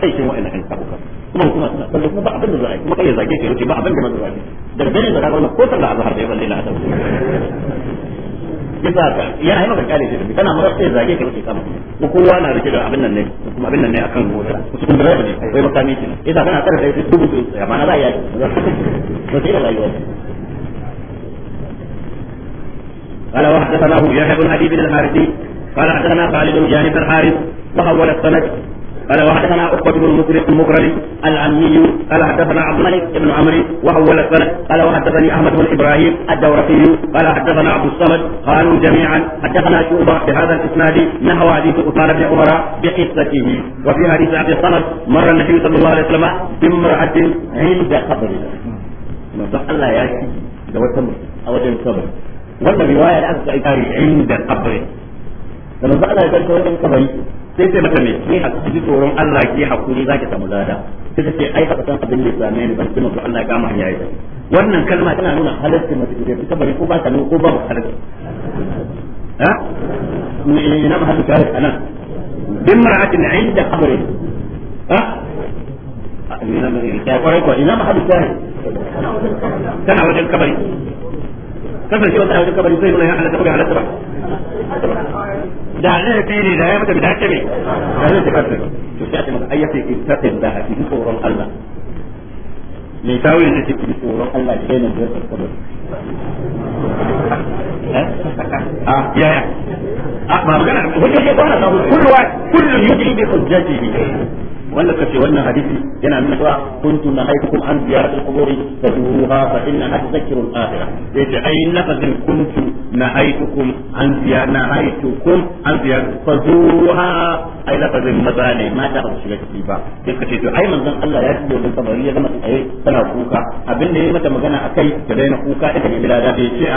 Speaker 1: cikin wa'annan ɗan abubuwa kuma kuma suna kallo kuma ba abin da za a yi kuma kai ya zage ke yace ba abin da za a yi da dare da ranar ko sallah azhar da ya balle na ta sa ka ya ai maka kare da kana mura sai zage ka kama ko kowa na rike da abin nan ne kuma abin nan ne akan mota su kun driver ne kai makami ne yasa kana tsara sai dubu su ya mana za ya to sai da rayuwa قال وحدثناه يحيى بن ابي بن الحارثي قال حدثنا خالد بن جانب الحارث وحول السند قال وحدثنا عقبة بن مكرم المكرمي العمي قال حدثنا عبد الملك بن عمري وهو الأسفل قال وحدثني احمد بن ابراهيم الدورقي قال حدثنا عبد الصمد قالوا جميعا حدثنا شعبة بهذا الاسناد نحو حديث أسامة بن عمر بقصته وفي حديث عبد الصمد مر النبي صلى الله عليه وسلم بامرأة عند قبره. الله أخي لو تمر أو تمر wannan riwaya da aka kai tarihi inda kabari da manzo Allah sai sai mata mai ni a cikin tsoron Allah ke hakuri zaki samu lada sai take ai ba san abin da ya same ni ba sai mutum Allah ya kama hanya yi wannan kalma tana nuna halarci mace da ta bari ko ba ta ko ba halarci ha ni na ba hadu kare anan bin mar'atin inda qabri ha ina ma ta kware ko ina ba hadu kare kana wajen kabari kasance wata wajen kabari zai nuna ya halatta ba ya halatta
Speaker 2: ba
Speaker 1: da laifi ne da ya mata bid'a ce ne da zai tafi to sai ta mata ayyata ittaqin da hafi tsoron Allah mai tawaye ne take ki tsoron Allah ke nan da tsoron ah ya ya ah ma magana wajen ya kwana kullu kullu yujri bi ne wanda kace wannan hadisi yana nuna cewa kuntu nahaytukum an ziyaratil quburi fazuruha fa innaha tudhakkiru akhirah yace nahaytukum an haytukum an ziyar fazuruha ne mata ba shiga ciki ba sai kace to ai manzon Allah ya ce don kabari ya zama tana kuka abin da ya mata magana akai ta daina kuka bilada an hayi ne da zai ci eh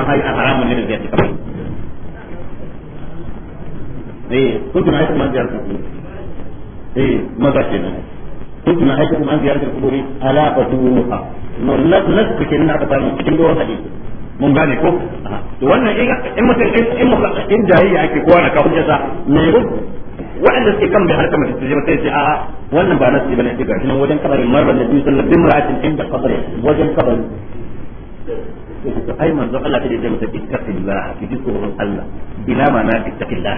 Speaker 1: nahaytukum an ziyaratil eh maza kenan duk na aika kuma an ziyartar kuburi ala fatuha nas da kenan aka samu cikin doron hadisi mun gane ko to wannan in mutum in muka in jahiliya ake kowa na kawo jasa me ko wa'anda suke kan bai harkar mutum sai sai a wannan ba nasi bane diga shi nan wajen kabarin marra da biyu sallallahu alaihi wasallam inda kabarin wajen kabarin ai manzo Allah ta dace mata ittaqillah ki ji tsoron Allah ina ma na ittaqillah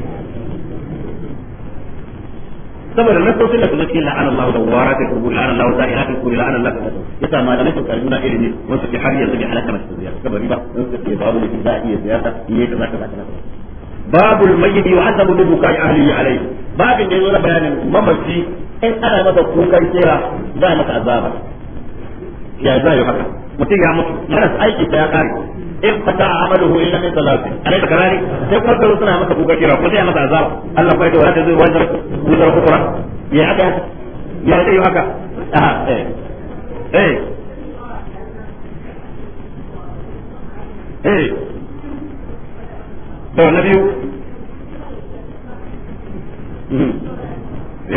Speaker 1: saboda nasosin da kuma cikin la'an Allah da wara ta kubu la'an Allah da ila kubu la'an Allah yasa malamai su karbi na ilimi wasu ke har yanzu bi halaka masu ziyara kabari ba sun ce babu da iya ziyara iya kaza kaza kaza babu mayyit yu'adabu bi bukai ahlihi alayhi babin da yana bayanin mamaci in ana masa kukan kera za a masa azaba ya za haka mutum ya mutu yana aiki ta ya kare in fata amaluhu illa min salati alai karari sai kuma karo suna masa buga kira ko sai masa azab Allah bai da wanda zai wanda wutar kufra ya aka ya dai haka ah eh eh eh to na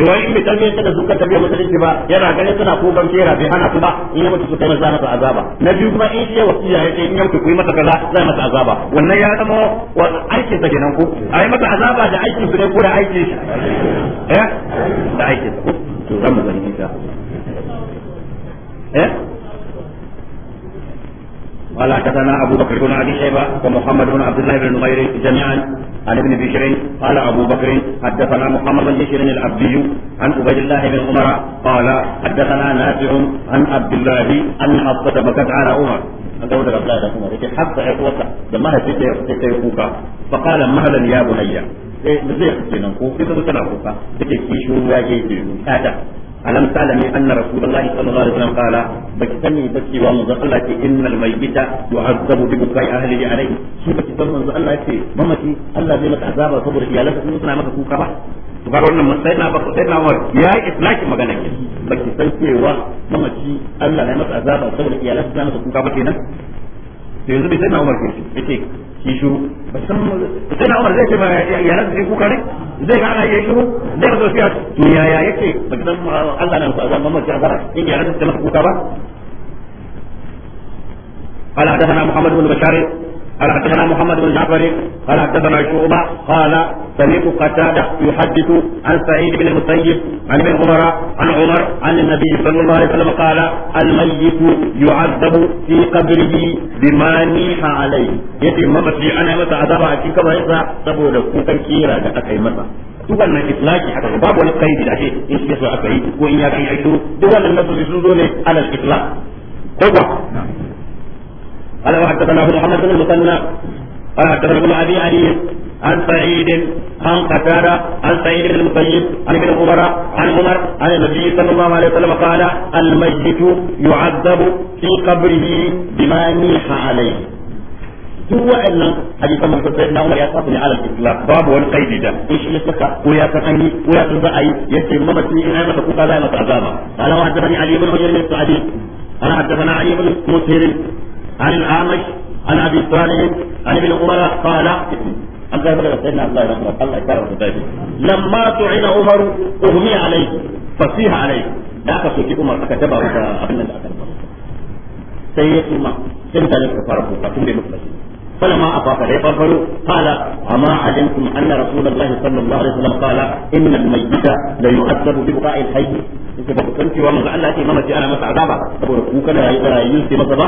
Speaker 1: wai mai tarbiyyar da suka tarbiyyar musulunci ba yana ganin suna ko ban kera bai hana su ba in ya mutu su kai masa masa azaba na biyu kuma in shi ya wasiya ya ce in ya mutu ku yi masa kaza zai masa azaba wannan ya zama wa aikin sa kenan ko a yi masa azaba da aikin su ne ko da aikin shi eh da aikin to zamu gani ta eh قال حدثنا ابو بكر بن ابي شيبه ومحمد بن عبد الله بن نمير جميعا عن ابن بشير قال ابو بكر حدثنا محمد بن بشير العبدي عن عبيد الله بن عمر قال حدثنا نافع عن عبد الله ان حفصه بكت على عمر an dawo daga Abdullahi da Umar yake hafsa ya kuwata da mahaifi ta yake kai kuka fa qala mahalan ya bunayya eh zai kenan ko sai ta tana kuka take kishi ya ke ke ta alam talami anna rasulullahi sallallahu alaihi wasallam qala baki sani baki wa manzo Allah ce innal mayyita yu'azzabu bi bukai ahlihi alayhi shi baki san manzo Allah ce mamaci Allah zai maka azaba saboda iyalanka sun suna maka kuka ba ba wannan matsayin na baka sai na war ya yi islaki magana ke baki san cewa mamaci Allah ya maka azaba saboda iyalanka suna maka kuka ba kenan yanzu bai sai umar ke yake shuru ba san umar zai ce ya nan sai kuka ne zai ga ana yi shuru zai ga to yaya yake ba san Allah na sa zama mace azara in ya nan kuka ba قال حدثنا محمد بن قال حدثنا محمد بن جعفر قال حدثنا شعبة قال سمعت قتادة يحدث عن سعيد بن المسيب عن ابن عمر عن عمر عن النبي صلى الله عليه وسلم قال الميت يعذب في قبره بما نيح عليه يتي ممتي انا متى عذاب في كبرها saboda kukan kira da aka yi masa duk wannan itlaki aka babu wani kaidi da ake in shi so aka yi ko in ya kai aiki duk wannan nasu sun zo ne alal itlaq ko ba قال وحدثنا محمد بن المثنى قال حدثنا ابن ابي علي عن سعيد عن قتاده عن سعيد بن المسيب عن ابن عمر عن عمر عن النبي صلى الله عليه وسلم قال الميت يعذب في قبره بما نيح عليه duk waɗannan hadisan masu sai na umar ya sa ne alal islam babu wani kaidi da in shi ya saka ko ya san an yi ko ya san za a yi yace mamaci in ai masa kuka za a masa wa hadathani ali ibn hujr bin sa'id قال حدثنا علي بن مسهر عن الأعمش عن أبي صالح عن ابن عمر قال الله يبارك سيدنا عبد الله رحمه الله يكرمه طيب لما تعين عمر أغمي عليه فصيح عليه لا تسوكي عمر فكتبه أبن الله سيدنا سيدنا فرقه فكل مفلسين فلما أطاف ليفرفروا قال أما علمتم أن رسول الله صلى الله عليه وسلم قال إن الميت ليؤثر ببقاء الحي إذا كنت ومن الله أتي ممتي أنا مسعى دابا أقول كوكنا يسي مصبا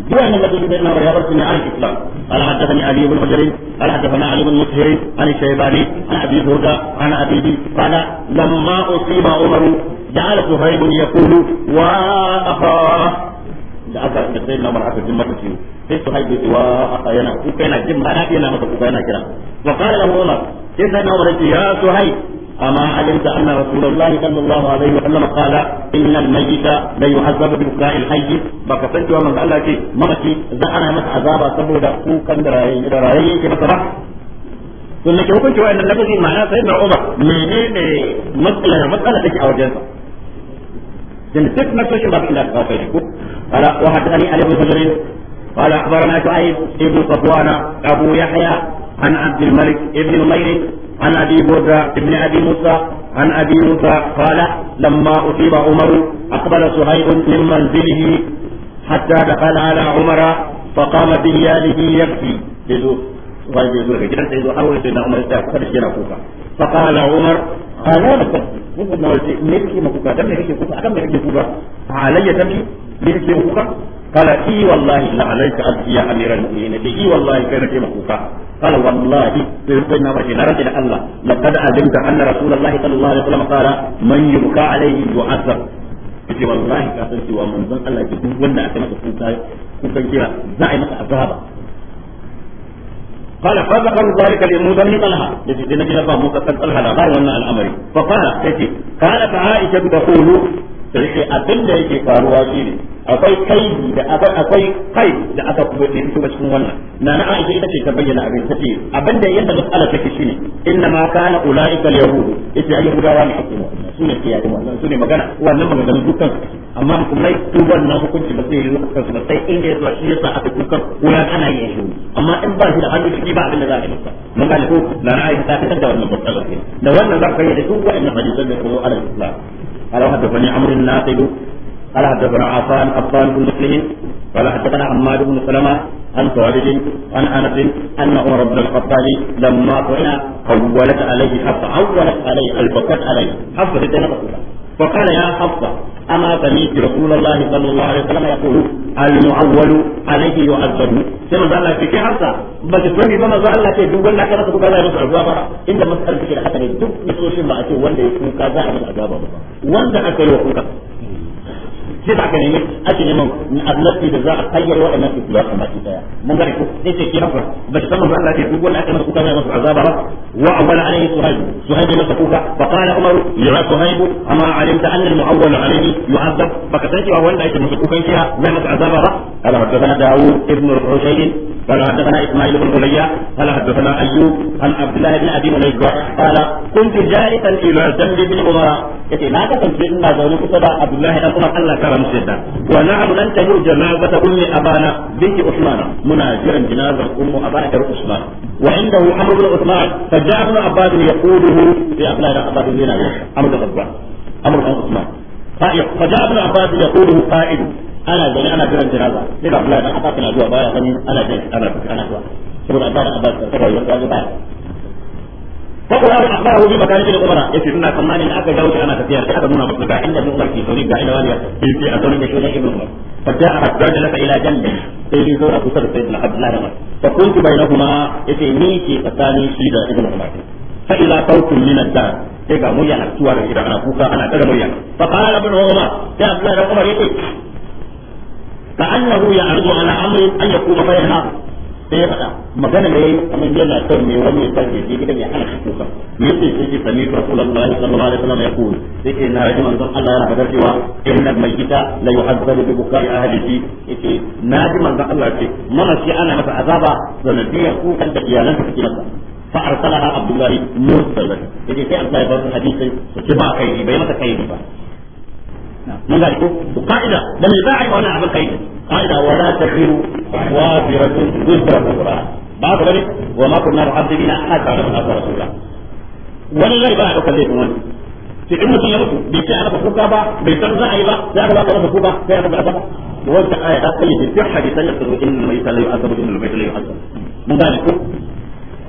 Speaker 1: بأن الذي بيننا وبينه من عن الإسلام قال حدثني علي بن حجر قال حدثنا علي بن مسهر عن الشيباني عن أبي عن قال لما أصيب عمر جعل صهيب يقول وأخاه da aka da sai na mara aka jin maka ciwo sai su haibe wa aka yana kuka yana jin ba na yana masa kuka yana kira wa أما علمت أن رسول الله صلى الله عليه وسلم قال إن الميت لا يعذب ببكاء الحي بكفنت ومن قال لك مرتي زعنا مس عذابا سبودا كوكا درايين درائي ترى sun nake hukunci wa annan lafazi ma'ana sai na umar menene matsala matsala take a wajensa dan duk تكي soshin ba inda ka kai ko ala wa hadani ali قال أخبرنا شعيب ابن صفوان أبو يحيى عن عبد الملك ابن نمير عن ابي بردة ابن ابي موسى عن ابي موسى قال لما اصيب عمر اقبل سهيل من منزله حتى دخل على عمر فقام بثيابه يبكي فقال عمر أنا بكي علي تبكي ليه تبكي قال اي والله لا عليك ابكي يا امير المؤمنين اي والله كان في مكوكا قال والله سيدنا وجه نرجع الله لقد علمت ان رسول الله صلى za yi masa azaba qala fa za kan zalika li mudanni talha kace dinna kina ba mu ka da wannan al'amari fa qala da yake abin da yake faruwa shi ne akwai kai da akwai akwai kai da aka kuma ne fito cikin wannan na na aiki ita ce ta bayyana abin ta ce abin da yadda mas'ala take shi ne inna ma kana ulaika al-yahud ita ayi gudawa ne ake mu sune ke yayi wannan sune magana wannan magana dukkan amma musulmai su wannan hukunci ba sai yi kansu ba sai in ya zuwa shi yasa aka dukkan wuya ana yin amma in ba shi da hannu ciki ba abin da za a yi mun gane ko na na aisha ta fitar da wannan matsala da wannan za ka yi da duk wa'annan hadisan da kuma alal islam قال وحدثني عمرو الناقد قال حدثنا عفان عفان بن مسلم قال حدثنا حماد بن سلمه عن خالد عن انس ان عمر بن الخطاب لما طعن حولت عليه حتى عولت عليه البكت عليه حفظت نفسه فقال يا حفصة أما سمعت رسول الله صلى الله عليه وسلم يقول المعول عليه يعذب كما قال لك في حفصة بس تسمي بما قال لك يقول لك أنا تقول لك أجابة إن مسألة كده حتى يدب بسوش ما أتي ولا يكون كذا أنا أجابة ولا أكل وكذا sai da gani ake neman annabi da za a kayyar waɗannan su ya kuma ki daya mun gane ko sai ce ki hafa ba ki san manzo Allah ce duk wanda aka masa kuka mai masa azaba ba wa awwala alayhi suhaib suhaib masa kuka fa qala umar ya suhaib amma alimta anna al-mu'awwal alayhi yu'adhab baka san cewa wanda ake masa kukan kiya mai masa azaba ba ala hadathana daud ibn al-husayn قال حدثنا اسماعيل بن بنية قال حدثنا ايوب عن عبد الله بن ابي مليكة قال كنت جالسا الى جنب بن عمر يتي ما كنت ان زوجي كتب عبد الله بن عمر الله كرم سيدا ونحن ننتهي جنازة ام ابانا بنت عثمان مناجرا جنازة ام ابانا عثمان وعنده عمرو بن عثمان فجاء ابن عباس يقوله في عبد الله بن عباس بن عمرو بن عثمان عمرو بن عثمان فجاء ابن عباس يقوله قائد ana zaune ana jiran jinaza sai ga Abdullahi dan Abbas na zuwa baya ganin ana jin ana ana zuwa saboda Abdullahi dan Abbas sai ya ga baya Fakul Abu Akhbaru bi makani da Umar yace suna tsammanin aka dawo da ana tafiya sai aka nuna musu ga inda Umar ke zaune ga ina wani ya ce a zaune da shi da Ibn Umar fadda a hajjar laka ila janna sai dai zo a kusa da Sayyidina Abdullahi Umar fa kuntu bainahuma yace ni ke tsakanin shi da Ibn Umar fa ila qawtin min ad-dar sai ga murya na tuwa da gida ana kuka ana daga murya fa qala Ibn Umar sai Abdullahi Umar yace كأنه يعرض على أمر أن يكون بينها sai ya faɗa magana da yayi yana son ne wani ya sake shi gidan ya hana shi kuka me yake sai ki sami rasulullahi sallallahu alaihi wasallam ya kula yake na rajin manzon Allah yana fadar cewa innal mayyita la yuhazzabu bi bukai ahlihi yake na ji manzon Allah ce mana shi ana masa azaba sanadiyar kukan da iyalan suke masa fa arsalaha abdullahi mursalan yake sai Allah ya bar hadisin su ci ba kai bai masa kai ba من ذلك قاعدة لم يباع وانا عمل قيد قاعدة ولا تكفر وافرة وزر أخرى بعد ذلك وما كنا معذبين حتى نبعث رسولا wani zai ba a ɗaukar laifin wani sai in mutum ya mutu bai ce ana kuka ba bai san za a yi ba za a ba ka kuka sai aka ba ba aya ta kalli da duk hadisan da su inna mai sallu inna mai sallu azabu mun gane ko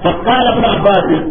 Speaker 1: fa qala ibn